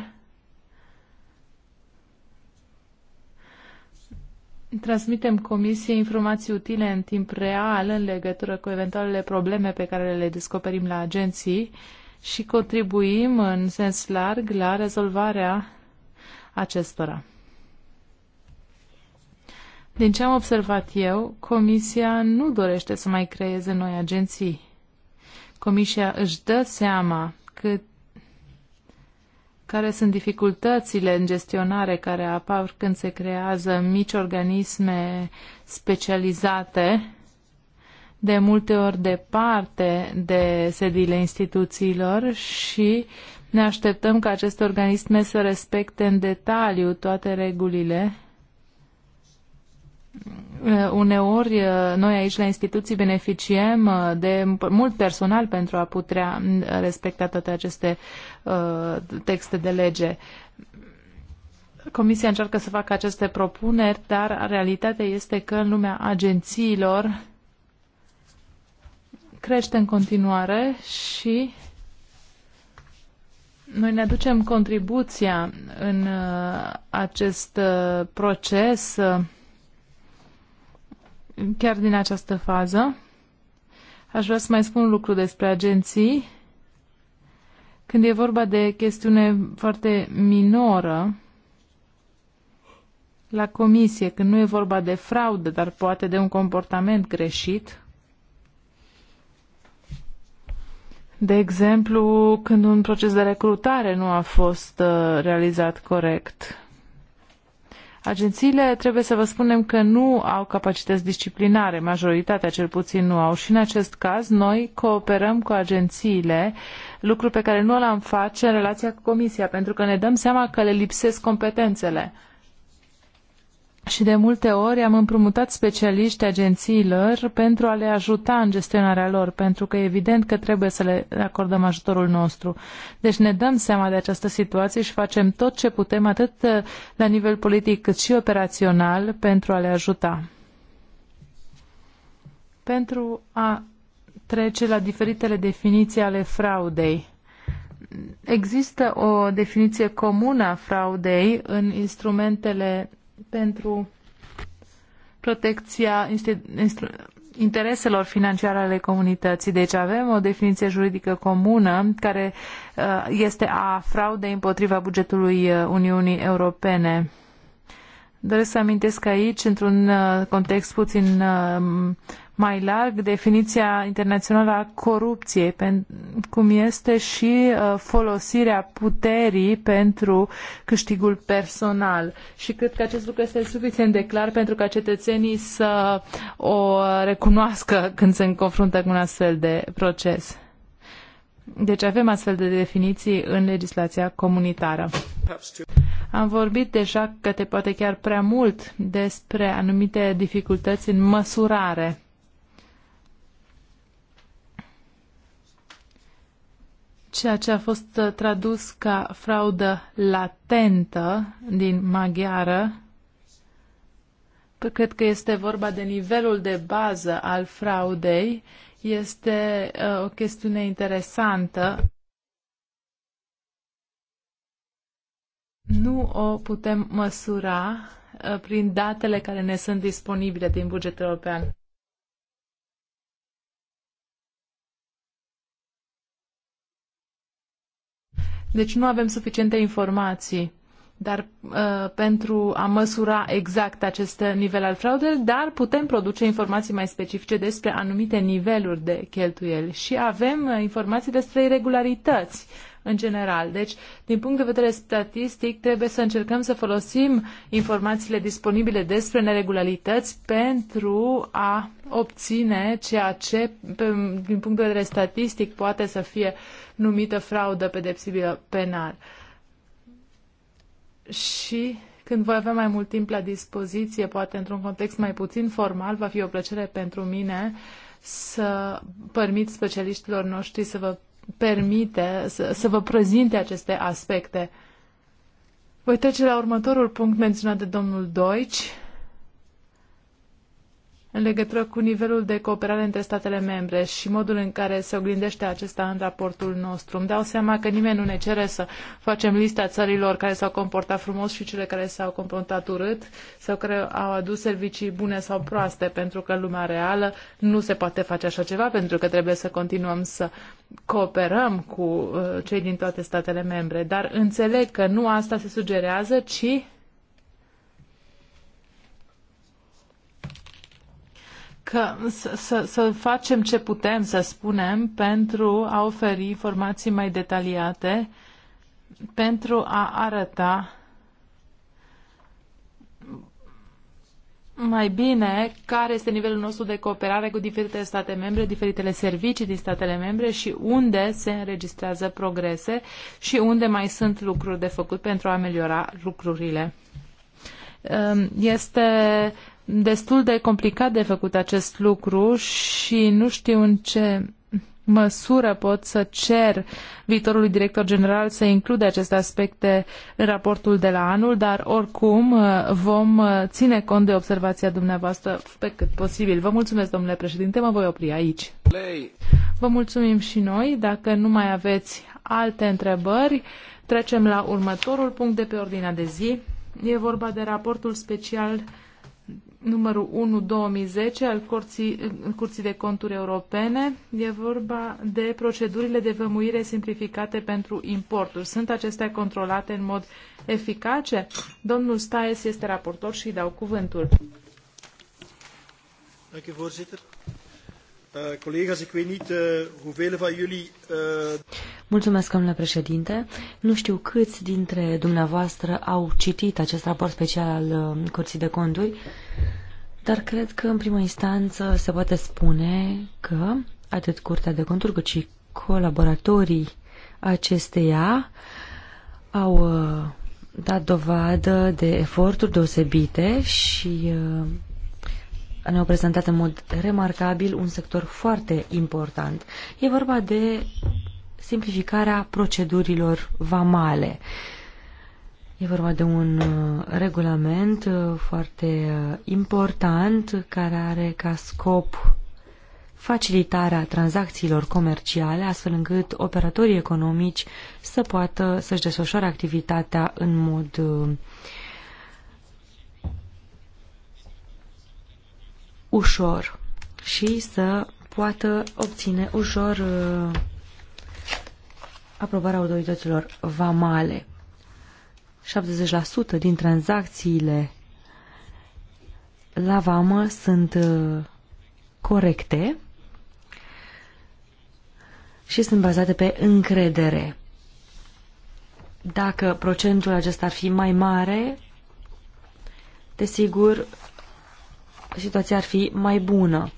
Speaker 3: transmitem comisiei informații utile în timp real în legătură cu eventualele probleme pe care le descoperim la agenții uh, și contribuim în sens larg la rezolvarea acestora. Din ce am observat eu, Comisia nu dorește să mai creeze noi agenții. Comisia își dă seama că care sunt dificultățile în gestionare care apar când se creează mici organisme specializate de multe ori departe de sediile instituțiilor și ne așteptăm ca aceste organisme să respecte în detaliu toate regulile uh, Uneori, uh, noi aici la instituții beneficiem uh, de mult personal pentru a putea respecta toate aceste texte de lege. Comisia încearcă să facă aceste propuneri, dar realitatea este că în lumea agențiilor crește în continuare și noi ne aducem contribuția în uh, acest uh, proces uh, chiar din această fază. Aș vrea să mai spun un lucru despre agenții. Când e vorba de chestiune foarte minoră, la comisie, când nu e vorba de fraudă, dar poate de un comportament greșit, De exemplu, când un proces de recrutare nu a fost uh, realizat corect. Agențiile, trebuie să vă spunem că nu au capacități disciplinare, majoritatea cel puțin nu au și în acest caz noi cooperăm cu agențiile, lucru pe care nu l-am face în relația cu Comisia, pentru că ne dăm seama că le lipsesc competențele și de multe ori am împrumutat specialiști agențiilor pentru a le ajuta în gestionarea lor, pentru că e evident că trebuie să le acordăm ajutorul nostru. Deci ne dăm seama de această situație și facem tot ce putem, atât uh, la nivel politic cât și operațional, pentru a le ajuta. Pentru a trece la diferitele definiții ale fraudei. Există o definiție comună a fraudei în instrumentele pentru protecția intereselor financiare ale comunității. Deci avem o definiție juridică comună care uh, este a fraudei împotriva bugetului uh, Uniunii Europene. Doresc să amintesc aici, într-un uh, context puțin mai larg definiția internațională a corupției, cum este și uh, folosirea puterii pentru câștigul personal. Și cred că acest lucru este suficient de clar pentru ca cetățenii să o recunoască când se confruntă cu un astfel de proces. Deci avem astfel de definiții în legislația comunitară. Am vorbit deja că te poate chiar prea mult despre anumite dificultăți în măsurare ceea ce a fost uh, tradus ca fraudă latentă din maghiară. Cred că este vorba de nivelul de bază al fraudei. Este uh, o chestiune interesantă. Nu o putem măsura uh, prin datele care ne sunt disponibile din bugetul european. Deci nu avem suficiente informații dar uh, pentru a măsura exact acest nivel al fraudelor, dar putem produce informații mai specifice despre anumite niveluri de cheltuieli și avem uh, informații despre irregularități în general. Deci, din punct de vedere statistic, trebuie să încercăm să folosim informațiile disponibile despre neregularități pentru a obține ceea ce, pe, din punct de vedere statistic, poate să fie numită fraudă pedepsibilă penal. Și când voi avea mai mult timp la dispoziție, poate într-un context mai puțin formal, va fi o plăcere pentru mine să permit specialiștilor noștri să vă permite să, să vă prezinte aceste aspecte. Voi trece la următorul punct menționat de domnul Deutsch în legătură cu nivelul de cooperare între statele membre și modul în care se oglindește acesta în raportul nostru. Îmi dau seama că nimeni nu ne cere să facem lista țărilor care s-au comportat frumos și cele care s-au comportat urât sau care au adus servicii bune sau proaste, pentru că lumea reală nu se poate face așa ceva, pentru că trebuie să continuăm să cooperăm cu uh, cei din toate statele membre. Dar înțeleg că nu asta se sugerează, ci că să, să facem ce putem, să spunem, pentru a oferi informații mai detaliate, pentru a arăta mai bine care este nivelul nostru de cooperare cu diferitele state membre, diferitele servicii din statele membre și unde se înregistrează progrese și unde mai sunt lucruri de făcut pentru a ameliora lucrurile. Este destul de complicat de făcut acest lucru și nu știu în ce măsură pot să cer viitorului director general să include aceste aspecte în raportul de la anul, dar oricum uh, vom uh, ține cont de observația dumneavoastră pe cât posibil. Vă mulțumesc, domnule președinte, mă voi opri aici. Play. Vă mulțumim și noi. Dacă nu mai aveți alte întrebări, trecem la următorul punct de pe ordinea de zi. E vorba de raportul special numărul 1 2010 al Curții, Curții de Conturi Europene. E vorba de procedurile de vămuire simplificate pentru importuri. Sunt acestea controlate în mod eficace? Domnul Staes este raportor și îi dau cuvântul.
Speaker 1: Dank u, Eh, collega's, ik weet niet eh, hoeveel van jullie... Eh,
Speaker 2: Mulțumesc, domnule președinte. Nu știu câți dintre dumneavoastră au citit acest raport special al Curții de Conturi, dar cred că, în prima instanță, se poate spune că atât Curtea de Conturi cât și colaboratorii acesteia au dat dovadă de eforturi deosebite și ne-au prezentat în mod remarcabil un sector foarte important. E vorba de simplificarea procedurilor vamale. E vorba de un uh, regulament uh, foarte uh, important care are ca scop facilitarea tranzacțiilor comerciale, astfel încât operatorii economici să poată să-și desfășoare activitatea în mod ușor și să poată obține ușor uh, aprobarea autorităților vamale. 70% din tranzacțiile la vamă sunt uh, corecte și sunt bazate pe încredere. Dacă procentul acesta ar fi mai mare, desigur, situația ar fi mai bună.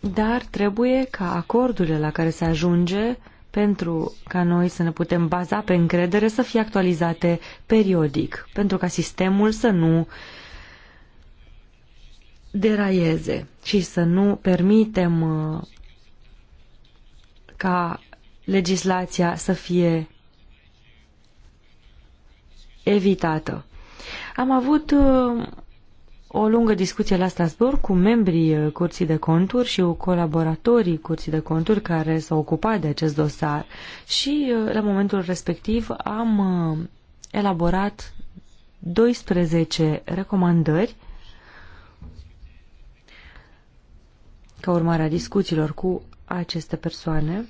Speaker 2: Dar trebuie ca acordurile la care se ajunge pentru ca noi să ne putem baza pe încredere să fie actualizate periodic, pentru ca sistemul să nu deraieze și să nu permitem uh, ca legislația să fie evitată. Am avut uh, o lungă discuție la Strasbourg cu membrii uh, Curții de Conturi și cu colaboratorii Curții de Conturi care s-au ocupat de acest dosar și uh, la momentul respectiv am elaborat 12 recomandări ca urmare a discuțiilor cu aceste persoane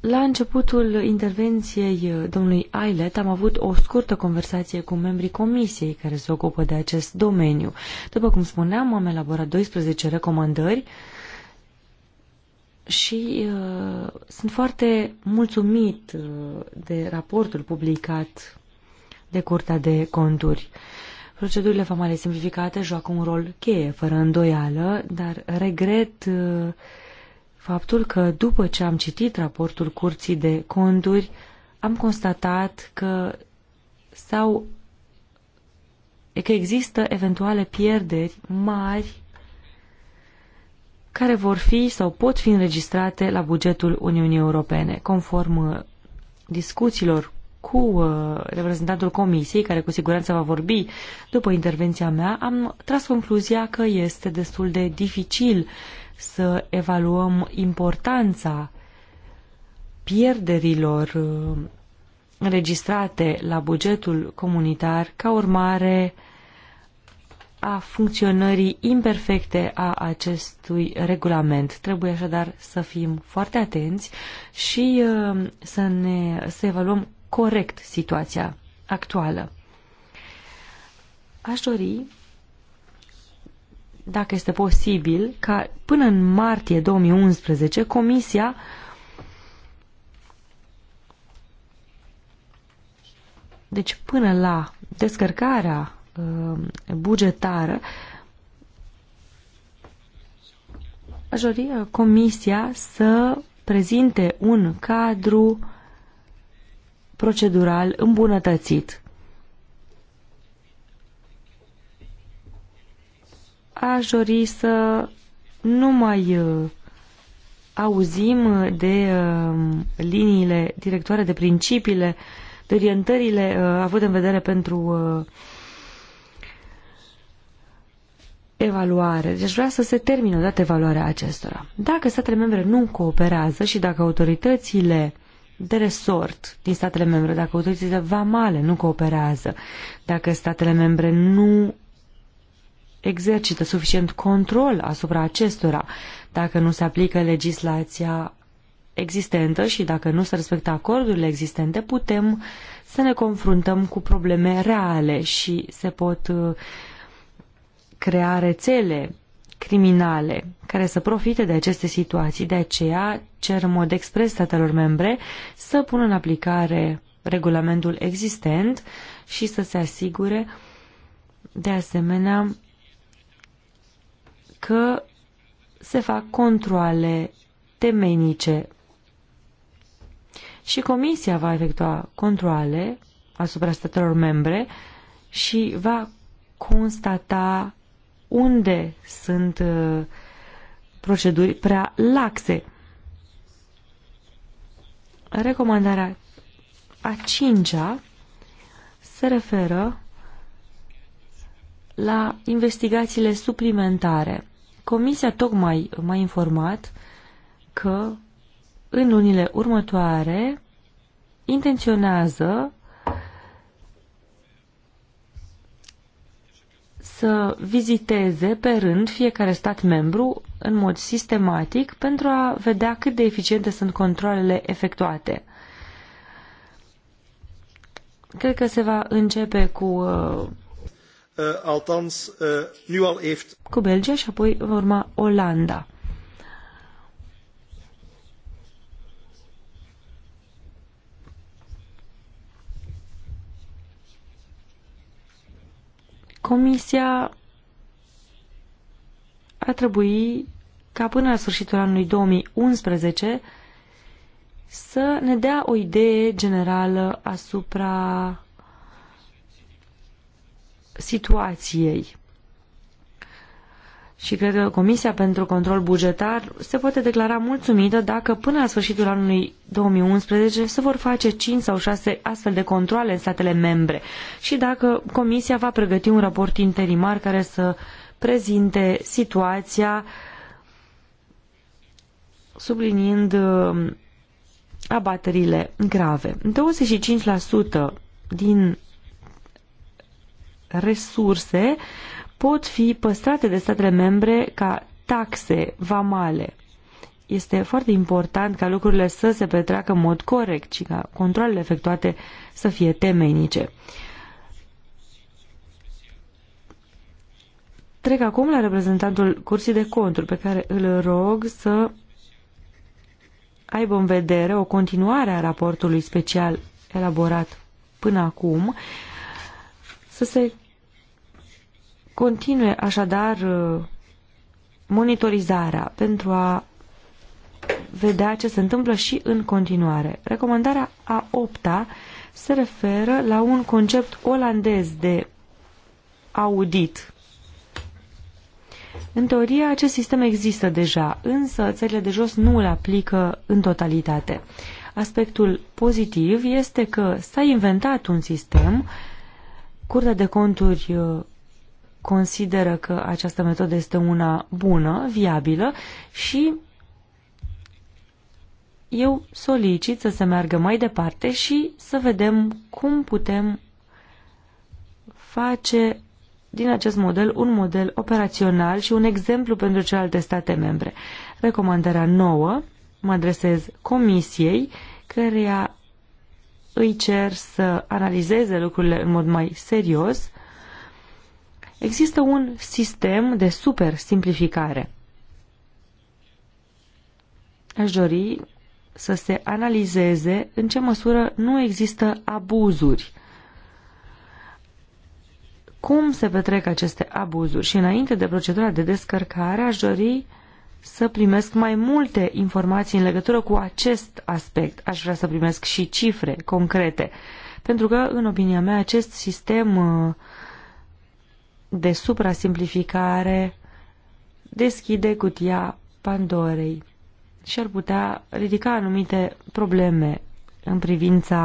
Speaker 2: La începutul intervenției uh, domnului Ailet am avut o scurtă conversație cu membrii comisiei care se ocupă de acest domeniu. După cum spuneam, am elaborat 12 recomandări și uh, sunt foarte mulțumit uh, de raportul publicat de Curtea de Conturi. Procedurile famale simplificate joacă un rol cheie, fără îndoială, dar regret uh, faptul că după ce am citit raportul Curții de Conturi, am constatat că sau că există eventuale pierderi mari care vor fi sau pot fi înregistrate la bugetul Uniunii Europene, conform uh, discuțiilor cu uh, reprezentantul Comisiei, care cu siguranță va vorbi după intervenția mea, am tras concluzia că este destul de dificil uh, să evaluăm importanța pierderilor uh, înregistrate la bugetul comunitar ca urmare a funcționării imperfecte a acestui regulament. Trebuie așadar să fim foarte atenți și uh, să, ne, să evaluăm corect situația actuală. Aș dori dacă este posibil, ca până în martie 2011 Comisia deci până la descărcarea uh, bugetară aș dori uh, Comisia să prezinte un cadru procedural îmbunătățit aș dori să nu mai uh, auzim de uh, liniile directoare, de principiile, de orientările uh, avute în vedere pentru evaluare. Deci vrea să se termine odată evaluarea acestora. Dacă statele membre nu cooperează și dacă autoritățile de resort din statele membre, dacă autoritățile vamale nu cooperează, dacă statele membre nu exercită suficient control asupra acestora dacă nu se aplică legislația existentă și dacă nu se respectă acordurile existente, putem să ne confruntăm cu probleme reale și se pot uh, crea rețele criminale care să profite de aceste situații. De aceea cer în mod expres statelor membre să pună în aplicare regulamentul existent și să se asigure de asemenea că se fac controle temenice și Comisia va efectua controle asupra statelor membre și va constata unde sunt uh, proceduri prea laxe. Recomandarea a cincea se referă la investigațiile suplimentare. Comisia tocmai m-a informat că în lunile următoare intenționează să viziteze pe rând fiecare stat membru în mod sistematic pentru a vedea cât de eficiente sunt controlele efectuate. Cred că se va începe cu
Speaker 1: uh, Eh, althans eh, nu al heeft.
Speaker 2: Cu Belgia și apoi va urma Olanda. Comisia ar trebui ca până la sfârșitul anului 2011 să ne dea o idee generală asupra situației. Și cred că Comisia pentru Control Bugetar se poate declara mulțumită dacă până la sfârșitul anului 2011 se vor face 5 sau 6 astfel de controle în statele membre și dacă Comisia va pregăti un raport interimar care să prezinte situația subliniind uh, abaterile grave. 25% din resurse pot fi păstrate de statele membre ca taxe vamale. Este foarte important ca lucrurile să se petreacă în mod corect și ca controlele efectuate să fie temeinice. Trec acum la reprezentantul cursii de Conturi, pe care îl rog să aibă în vedere o continuare a raportului special elaborat până acum, să se continue așadar uh, monitorizarea pentru a vedea ce se întâmplă și în continuare. Recomandarea a opta se referă la un concept olandez de audit. În teorie, acest sistem există deja, însă țările de jos nu îl aplică în totalitate. Aspectul pozitiv este că s-a inventat un sistem, Curtea de Conturi uh, consideră că această metodă este una bună, viabilă și eu solicit să se meargă mai departe și să vedem cum putem face din acest model un model operațional și un exemplu pentru celelalte state membre. Recomandarea nouă mă adresez Comisiei, căreia îi cer să analizeze lucrurile în mod mai serios Există un sistem de super simplificare. Aș dori să se analizeze în ce măsură nu există abuzuri. Cum se petrec aceste abuzuri? Și înainte de procedura de descărcare, aș dori să primesc mai multe informații în legătură cu acest aspect. Aș vrea să primesc și cifre concrete, pentru că, în opinia mea, acest sistem uh, de suprasimplificare deschide cutia Pandorei și ar putea ridica anumite probleme în privința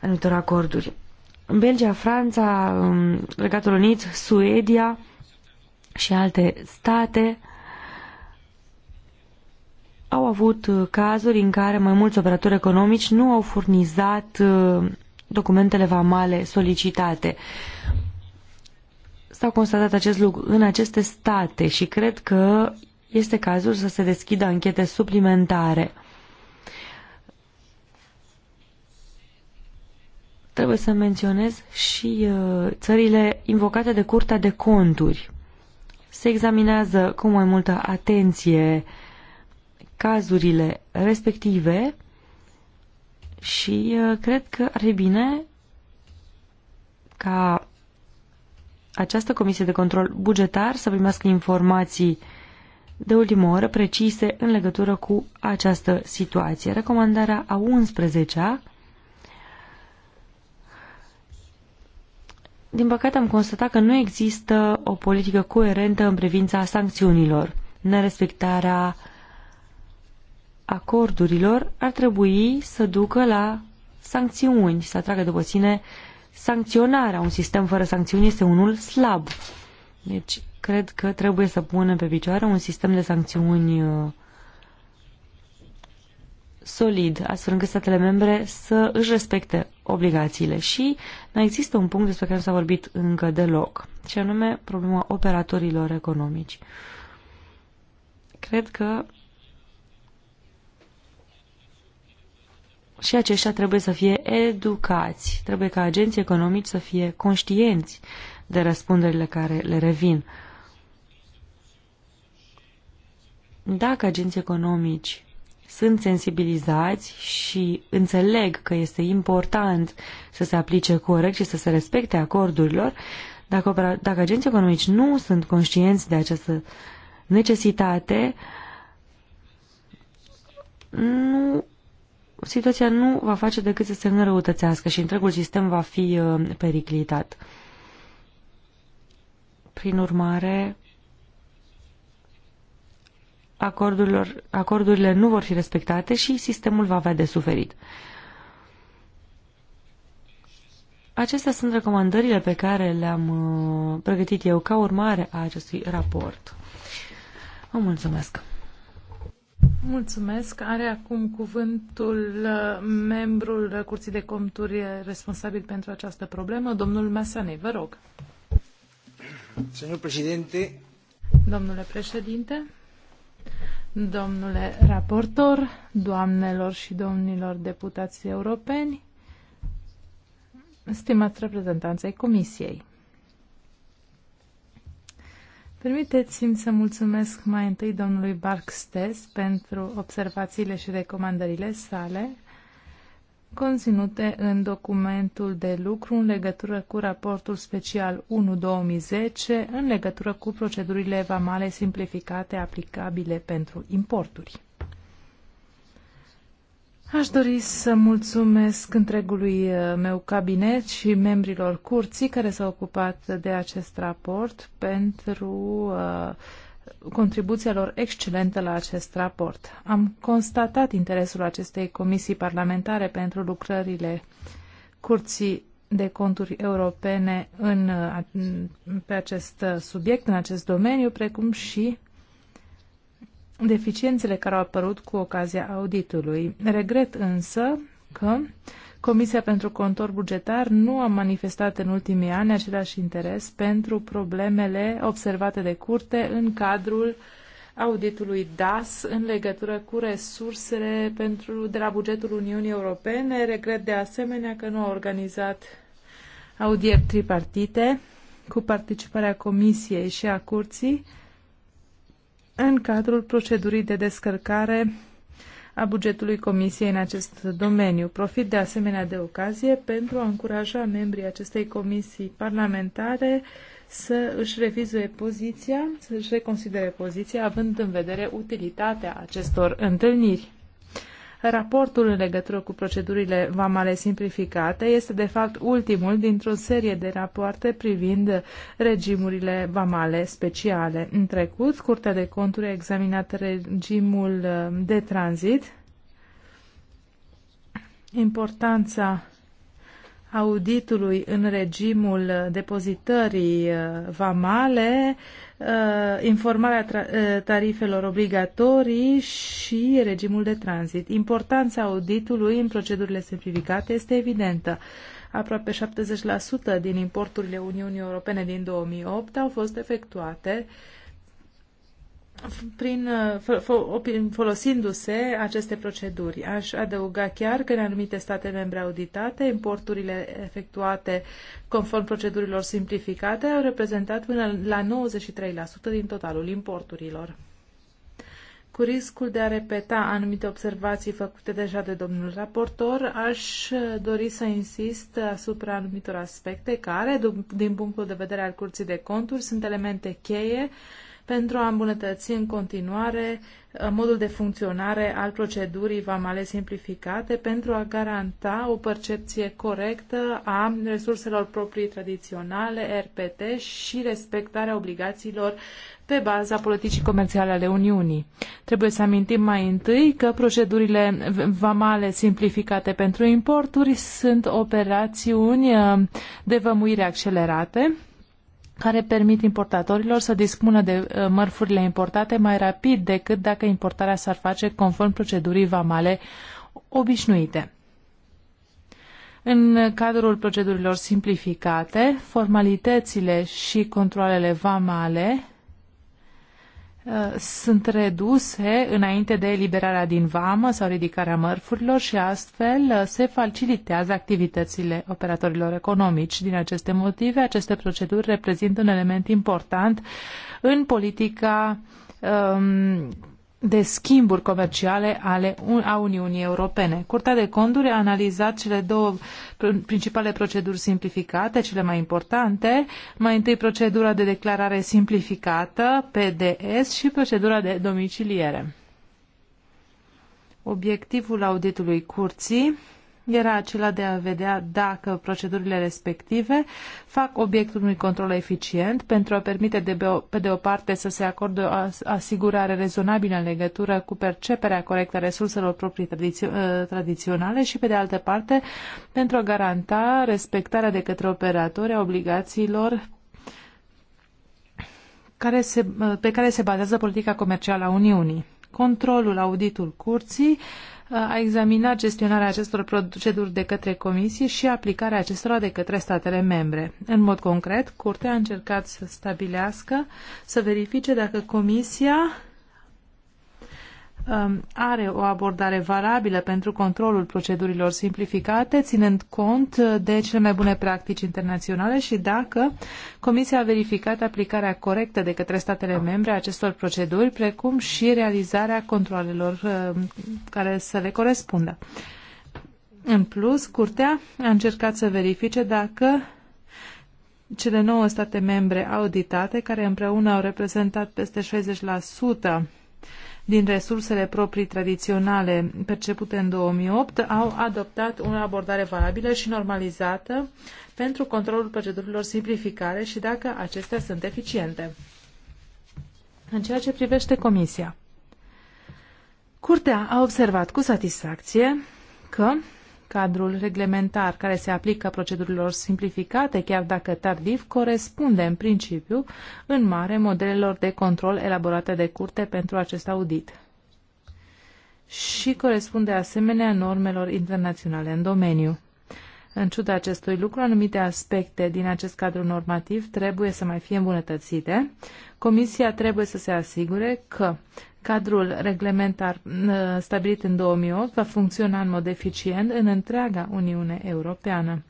Speaker 2: anumitor acorduri. Belgia, Franța, um, Regatul Unit, Suedia și alte state au avut cazuri în care mai mulți operatori economici nu au furnizat uh, documentele vamale solicitate s-a constatat acest lucru în aceste state și cred că este cazul să se deschidă anchete suplimentare. Trebuie să menționez și uh, țările invocate de Curtea de Conturi. Se examinează cu mai multă atenție cazurile respective și uh, cred că ar fi bine ca această comisie de control bugetar să primească informații de ultimă oră precise în legătură cu această situație. Recomandarea a 11-a Din păcate am constatat că nu există o politică coerentă în privința sancțiunilor. Nerespectarea acordurilor ar trebui să ducă la sancțiuni, să atragă după sine sancționarea. Un sistem fără sancțiuni este unul slab. Deci, cred că trebuie să punem pe picioare un sistem de sancțiuni uh, solid, astfel încât statele membre să își respecte obligațiile. Și mai există un punct despre care nu s-a vorbit încă deloc, și anume problema operatorilor economici. Cred că și aceștia trebuie să fie educați, trebuie ca agenții economici să fie conștienți de răspunderile care le revin. Dacă agenții economici sunt sensibilizați și înțeleg că este important să se aplice corect și să se respecte acordurilor, dacă, dacă agenții economici nu sunt conștienți de această necesitate, nu situația nu va face decât să se înrăutățească și întregul sistem va fi uh, periclitat. Prin urmare, acordurilor, acordurile nu vor fi respectate și sistemul va avea de suferit. Acestea sunt recomandările pe care le-am uh, pregătit eu ca urmare a acestui raport. Vă mulțumesc!
Speaker 3: Mulțumesc. Are acum cuvântul uh, membrul Curții de Conturi responsabil pentru această problemă, domnul Masanei. Vă rog.
Speaker 1: președinte.
Speaker 3: Domnule președinte, domnule raportor, doamnelor și domnilor deputați europeni, stimați reprezentanței Comisiei. Permiteți-mi să mulțumesc mai întâi domnului Barkstes pentru observațiile și recomandările sale conținute în documentul de lucru în legătură cu raportul special 1-2010 în legătură cu procedurile vamale simplificate aplicabile pentru importuri. Aș dori să mulțumesc întregului uh, meu cabinet și membrilor curții care s-au ocupat de acest raport pentru uh, contribuția lor excelentă la acest raport. Am constatat interesul acestei comisii parlamentare pentru lucrările curții de conturi europene în, uh, pe acest subiect, în acest domeniu, precum și deficiențele care au apărut cu ocazia auditului. Regret însă că Comisia pentru Contor Bugetar nu a manifestat în ultimii ani același interes pentru problemele observate de curte în cadrul auditului DAS în legătură cu resursele pentru, de la bugetul Uniunii Europene. Regret de asemenea că nu a organizat audieri tripartite cu participarea Comisiei și a Curții în cadrul procedurii de descărcare a bugetului Comisiei în acest domeniu. Profit de asemenea de ocazie pentru a încuraja membrii acestei comisii parlamentare să își revizuie poziția, să își reconsidere poziția, având în vedere utilitatea acestor întâlniri. Raportul în legătură cu procedurile vamale simplificate este de fapt ultimul dintr-o serie de rapoarte privind regimurile vamale speciale. În trecut, Curtea de Conturi a examinat regimul uh, de tranzit, importanța auditului în regimul depozitării uh, vamale, uh, informarea uh, tarifelor obligatorii și regimul de tranzit. Importanța auditului în procedurile simplificate este evidentă. Aproape 70% din importurile Uniunii Europene din 2008 au fost efectuate uh, prin, uh, folosindu-se aceste proceduri. Aș adăuga chiar că în anumite state membre auditate, importurile efectuate conform procedurilor simplificate au reprezentat până la 93% din totalul importurilor. Cu riscul de a repeta anumite observații făcute deja de domnul raportor, aș dori să insist asupra anumitor aspecte care, din punctul de vedere al Curții de Conturi, sunt elemente cheie pentru a îmbunătăți în continuare uh, modul de funcționare al procedurii vamale simplificate pentru a garanta o percepție corectă a resurselor proprii tradiționale, RPT și respectarea obligațiilor pe baza politicii comerciale ale Uniunii. Trebuie să amintim mai întâi că procedurile vamale simplificate pentru importuri sunt operațiuni uh, de vămuire accelerate care permit importatorilor să dispună de uh, mărfurile importate mai rapid decât dacă importarea s-ar face conform procedurii vamale obișnuite. În cadrul procedurilor simplificate, formalitățile și controlele vamale sunt reduse înainte de eliberarea din vamă sau ridicarea mărfurilor și astfel uh, se facilitează activitățile operatorilor economici. Din aceste motive, aceste proceduri reprezintă un element important în politica um, de schimburi comerciale ale, a Uniunii Europene. Curtea de Conduri a analizat cele două principale proceduri simplificate, cele mai importante, mai întâi procedura de declarare simplificată, PDS, și procedura de domiciliere. Obiectivul auditului curții era acela de a vedea dacă procedurile respective fac obiectul unui control eficient pentru a permite, de, pe de o parte, să se acorde o asigurare rezonabilă în legătură cu perceperea corectă a resurselor proprii tradițio ă, tradiționale și, pe de altă parte, pentru a garanta respectarea de către operatori a obligațiilor care se, ă, pe care se bazează politica comercială a Uniunii. Controlul, auditul curții, uh, a examinat gestionarea acestor proceduri de către comisie și aplicarea acestora de către statele membre. În mod concret, Curtea a încercat să stabilească, să verifice dacă comisia Um, are o abordare valabilă pentru controlul procedurilor simplificate, ținând cont uh, de cele mai bune practici internaționale și dacă Comisia a verificat aplicarea corectă de către statele membre a acestor proceduri, precum și realizarea controlelor uh, care să le corespundă. În plus, Curtea a încercat să verifice dacă cele nouă state membre auditate, care împreună au reprezentat peste 60% din resursele proprii tradiționale percepute în 2008 au adoptat o abordare valabilă și normalizată pentru controlul procedurilor simplificare și dacă acestea sunt eficiente. În ceea ce privește Comisia, Curtea a observat cu satisfacție că cadrul reglementar care se aplică procedurilor simplificate, chiar dacă tardiv, corespunde în principiu în mare modelelor de control elaborate de curte pentru acest audit și corespunde asemenea normelor internaționale în domeniu. În ciuda acestui lucru, anumite aspecte din acest cadru normativ trebuie să mai fie îmbunătățite. Comisia trebuie să se asigure că Cadrul reglementar uh, stabilit în 2008 va funcționa în mod eficient în întreaga Uniune Europeană.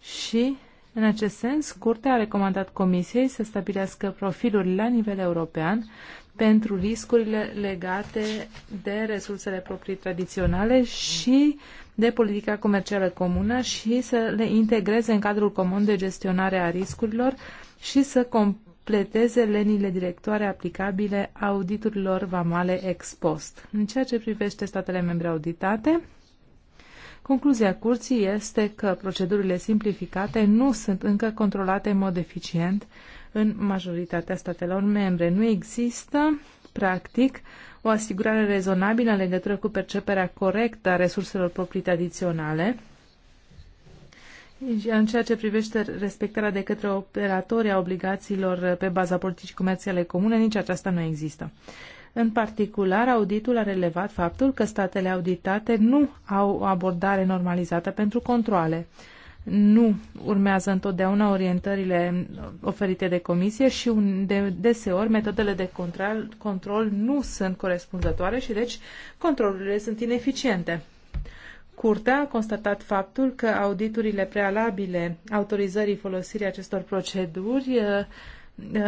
Speaker 3: Și, în acest sens, Curtea a recomandat Comisiei să stabilească profiluri la nivel european pentru riscurile legate de resursele proprii tradiționale și de politica comercială comună și să le integreze în cadrul comun de gestionare a riscurilor și să comp- pleteze lenile directoare aplicabile auditurilor vamale ex post. În ceea ce privește statele membre auditate, concluzia curții este că procedurile simplificate nu sunt încă controlate în mod eficient în majoritatea statelor membre. Nu există, practic, o asigurare rezonabilă în legătură cu perceperea corectă a resurselor proprii tradiționale, în ceea ce privește respectarea de către operatori a obligațiilor pe baza politicii comerciale comune, nici aceasta nu există. În particular, auditul a relevat faptul că statele auditate nu au o abordare normalizată pentru controle, nu urmează întotdeauna orientările oferite de comisie și de, deseori metodele de control, control nu sunt corespunzătoare și deci controlurile sunt ineficiente. Curtea a constatat faptul că auditurile prealabile autorizării folosirii acestor proceduri uh, uh,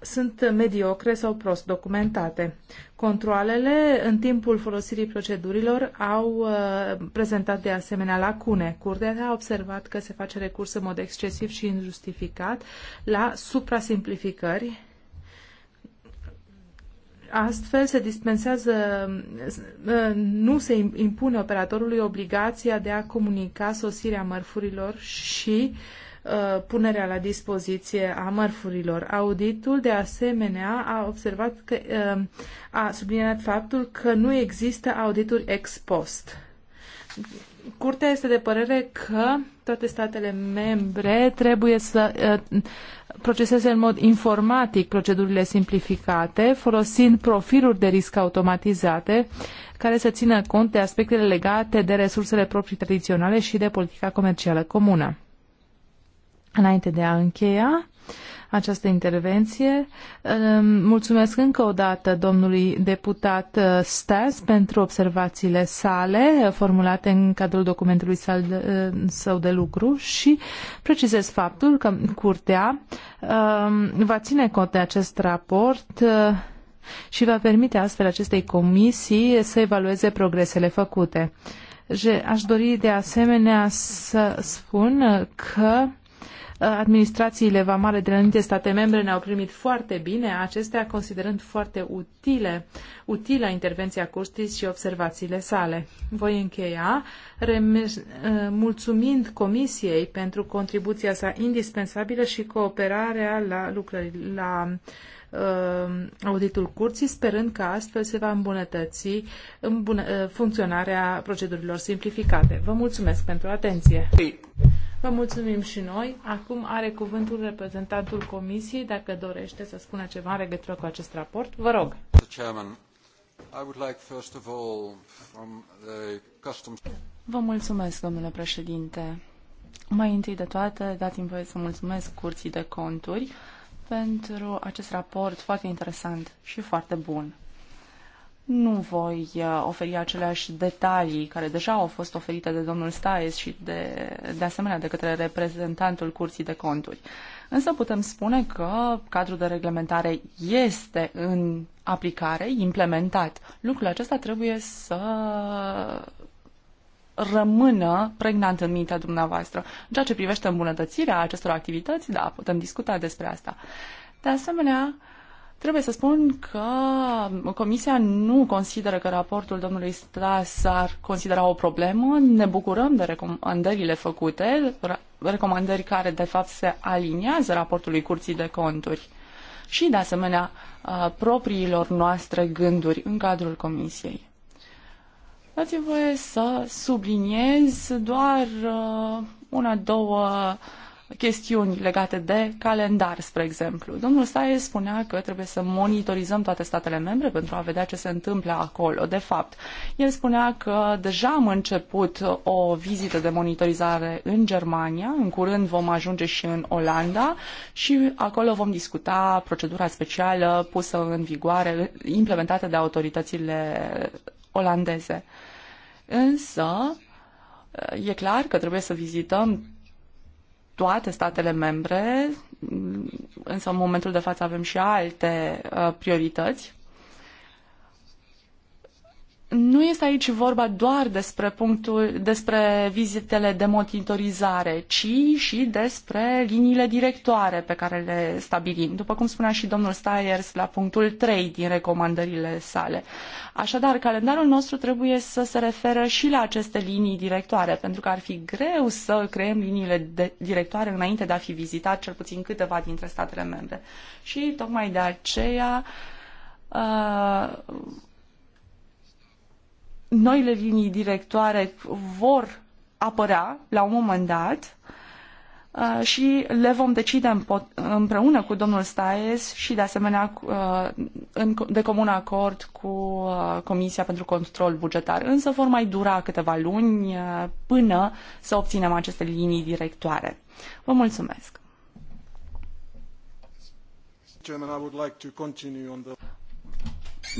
Speaker 3: sunt mediocre sau prost documentate. Controlele în timpul folosirii procedurilor au uh, prezentat de asemenea lacune. Curtea a observat că se face recurs în mod excesiv și injustificat la suprasimplificări Astfel se dispensează, uh, nu se impune operatorului obligația de a comunica sosirea mărfurilor și uh, punerea la dispoziție a mărfurilor. Auditul, de asemenea, a observat că uh, a subliniat faptul că nu există audituri ex post. Curtea este de părere că toate statele membre trebuie să uh, proceseze în mod informatic procedurile simplificate, folosind profiluri de risc automatizate care să țină cont de aspectele legate de resursele proprii tradiționale și de politica comercială comună. Înainte de a încheia, această intervenție. Mulțumesc încă o dată domnului deputat uh, Stas pentru observațiile sale uh, formulate în cadrul documentului uh, său de lucru și precizez faptul că Curtea um, va ține cont de acest raport și va permite astfel acestei comisii să evalueze progresele făcute. Aș dori de asemenea să spun că Administrațiile vamale din anumite state membre ne-au primit foarte bine, acestea considerând foarte utile, utilă intervenția Curtis și observațiile sale. Voi încheia mulțumind Comisiei pentru contribuția sa indispensabilă și cooperarea la lucrări la uh, auditul curții, sperând că astfel se va îmbunătăți funcționarea procedurilor simplificate. Vă mulțumesc pentru atenție! Vă mulțumim și noi. Acum are cuvântul reprezentantul Comisiei, dacă dorește să spună ceva în legătură cu acest raport.
Speaker 2: Vă
Speaker 4: rog. Vă mulțumesc, domnule președinte. Mai întâi de toate, dați-mi voie să mulțumesc Curții de Conturi pentru acest raport foarte interesant și foarte bun. Nu voi uh, oferi aceleași detalii care deja au fost oferite de domnul Staes și de, de asemenea de către reprezentantul Curții de Conturi. Însă putem spune că cadrul de reglementare este în aplicare, implementat. Lucrul acesta trebuie să rămână pregnant în mintea dumneavoastră. În ceea ce privește îmbunătățirea acestor activități, da, putem discuta despre asta. De asemenea, uh, Trebuie să spun că Comisia nu consideră că raportul domnului Stas ar considera o problemă. Ne bucurăm de recomandările făcute, recomandări care de fapt se aliniază raportului Curții de Conturi și de asemenea propriilor noastre gânduri în cadrul Comisiei. Dați-mi voie să subliniez doar una, două uh, chestiuni legate de calendar, spre exemplu. Domnul Staie spunea că trebuie să monitorizăm toate statele membre pentru a vedea ce se întâmplă acolo. De fapt, el spunea că deja am început o vizită de monitorizare în Germania, în curând vom ajunge și în Olanda și acolo vom discuta procedura specială pusă în vigoare, implementată de autoritățile olandeze. Însă, e clar că trebuie să vizităm toate statele membre, însă în momentul de față avem și alte uh, priorități nu este aici vorba doar despre punctul, despre vizitele de monitorizare, ci și despre liniile directoare pe care le stabilim, după cum spunea și domnul Stiers la punctul 3 din recomandările sale. Așadar, calendarul nostru trebuie să se referă și la aceste linii directoare, pentru că ar fi greu să creăm liniile de- directoare înainte de a fi vizitat cel puțin câteva dintre statele membre. Și tocmai de aceea uh, noile linii directoare vor apărea la un moment dat uh, și le vom decide împreună cu domnul Staes și de asemenea uh, de comun acord cu uh, Comisia pentru Control Bugetar. Însă vor mai dura câteva luni până să obținem aceste linii directoare. Vă mulțumesc!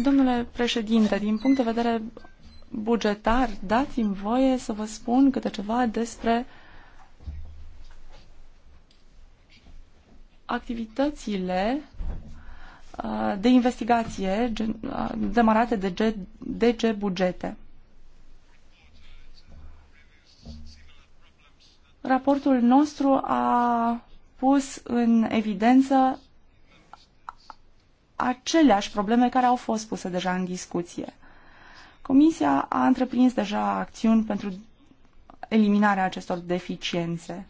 Speaker 4: Domnule președinte, din punct de vedere bugetar, dați-mi voie să vă spun câte ceva despre activitățile uh, de investigație uh, demarate de DG Bugete. Raportul nostru a pus în evidență aceleași probleme care au fost puse deja în discuție. Comisia a întreprins deja acțiuni pentru eliminarea acestor deficiențe.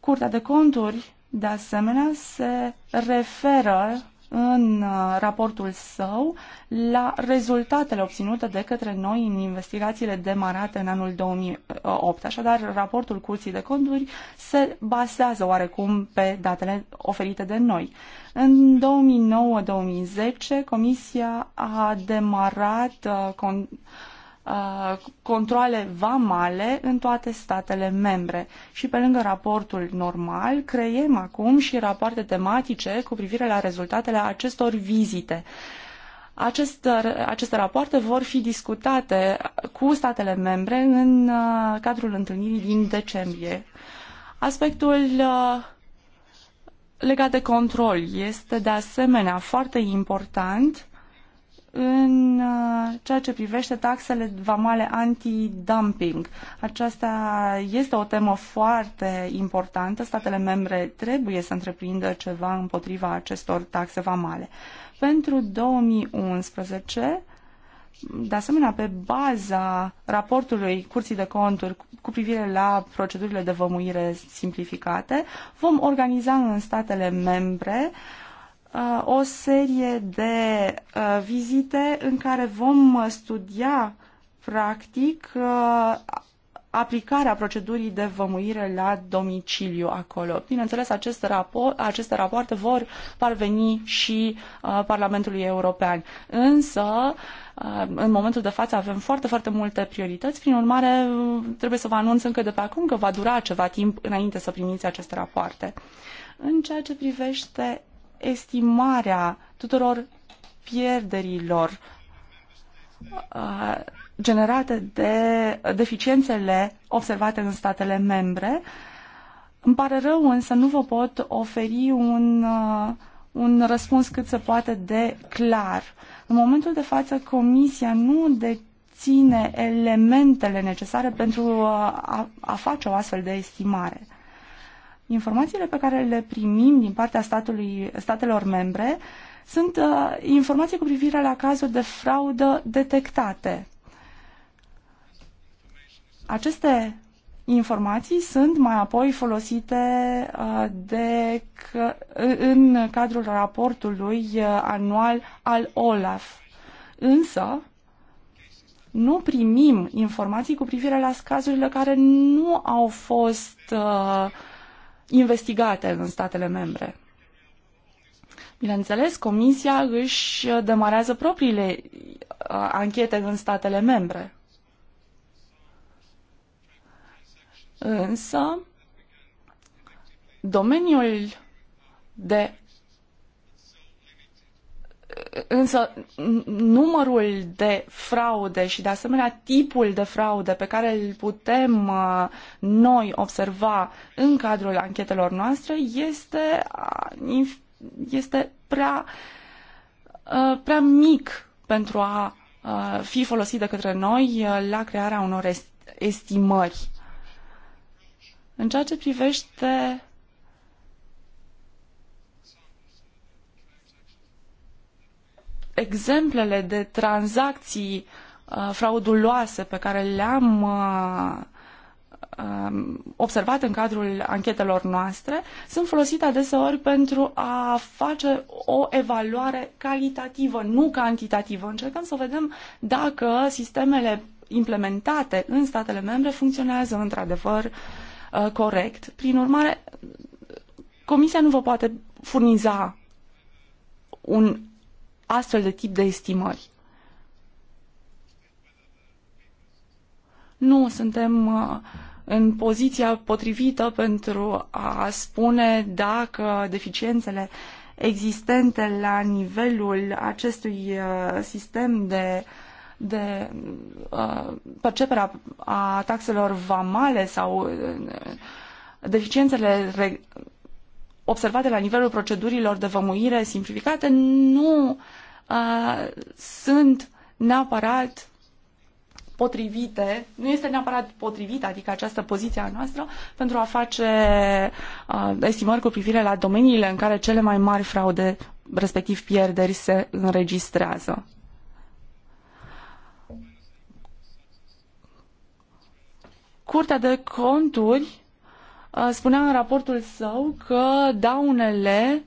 Speaker 4: Curtea de conturi, de asemenea, se referă în uh, raportul său la rezultatele obținute de către noi în investigațiile demarate în anul 2008. Așadar, raportul Curții de Conturi se bazează oarecum pe datele oferite de noi. În 2009-2010, Comisia a demarat uh, con uh, controle vamale în toate statele membre. Și pe lângă raportul normal, creiem acum și rapoarte tematice cu privire la rezultatele acestor vizite. Aceste, uh, aceste rapoarte vor fi discutate cu statele membre în cadrul întâlnirii din decembrie. Aspectul uh, legat de control este de asemenea foarte important în uh, ceea ce privește taxele vamale anti-dumping. Aceasta este o temă foarte importantă. Statele membre trebuie să întreprindă ceva împotriva acestor taxe vamale. Pentru 2011 de asemenea, pe baza raportului Curții de Conturi cu privire la procedurile de vămuire simplificate, vom organiza în statele membre uh, o serie de uh, vizite în care vom studia, practic, uh, aplicarea procedurii de vămuire la domiciliu acolo. Bineînțeles, aceste, raport, aceste rapoarte vor parveni și uh, Parlamentului European. Însă, uh, în momentul de față avem foarte, foarte multe priorități. Prin urmare, trebuie să vă anunț încă de pe acum că va dura ceva timp înainte să primiți aceste rapoarte. În ceea ce privește estimarea tuturor pierderilor uh, generate de deficiențele observate în statele membre. Îmi pare rău, însă nu vă pot oferi un, uh, un răspuns cât se poate de clar. În momentul de față, Comisia nu deține elementele necesare pentru uh, a, a face o astfel de estimare. Informațiile pe care le primim din partea statului, statelor membre sunt uh, informații cu privire la cazuri de fraudă detectate. Aceste informații sunt mai apoi folosite uh, de, în cadrul raportului uh, anual al OLAF. Însă, nu primim informații cu privire la cazurile care nu au fost uh, investigate în statele membre. Bineînțeles, Comisia își demarează propriile uh, anchete în statele membre. Însă, domeniul de însă numărul de fraude și de asemenea tipul de fraude pe care îl putem uh, noi observa în cadrul anchetelor noastre este, uh, este prea, uh, prea mic pentru a fi folosit de către noi la crearea unor estimări. În ceea ce privește exemplele de tranzacții uh, frauduloase pe care le-am uh, um, observat în cadrul anchetelor noastre sunt folosite adeseori pentru a face o evaluare calitativă, nu cantitativă. Încercăm să vedem dacă sistemele implementate în statele membre funcționează într-adevăr uh, Uh, corect. Prin urmare, Comisia nu vă poate furniza un astfel de tip de estimări. Nu suntem uh, în poziția potrivită pentru a spune dacă deficiențele existente la nivelul acestui uh, sistem de de uh, perceperea a taxelor vamale sau uh, deficiențele observate la nivelul procedurilor de vămuire simplificate nu uh, sunt neapărat potrivite, nu este neapărat potrivită, adică această poziție a noastră, pentru a face uh, estimări cu privire la domeniile în care cele mai mari fraude, respectiv pierderi, se înregistrează. Curtea de conturi uh, spunea în raportul său că daunele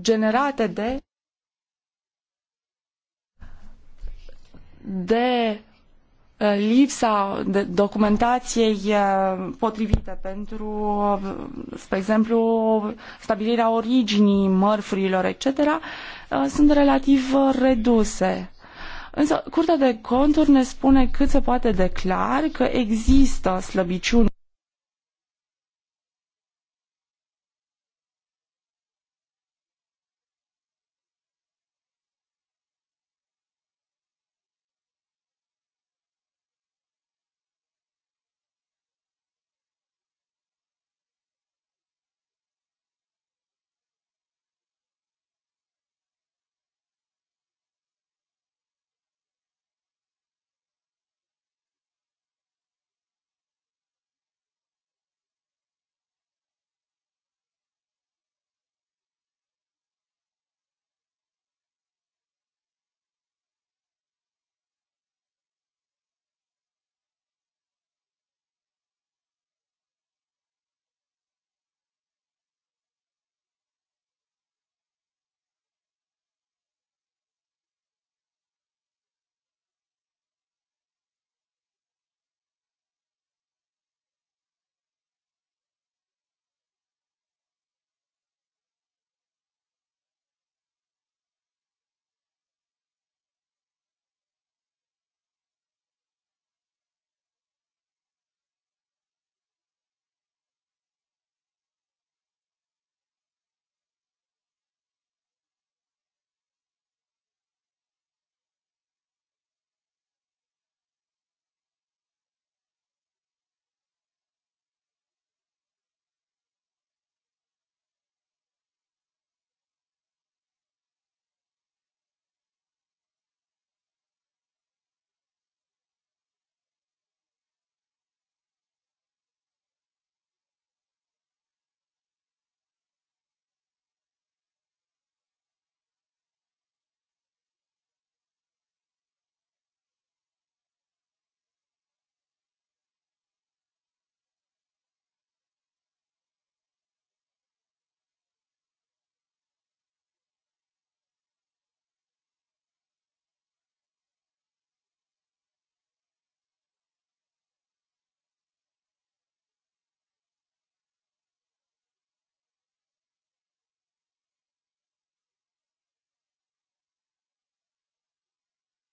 Speaker 4: generate de de uh, lipsa de documentației uh, potrivite pentru, spre exemplu, stabilirea originii mărfurilor, etc., sunt relativ reduse. Însă, Curtea de Conturi ne spune cât se poate declar că există slăbiciuni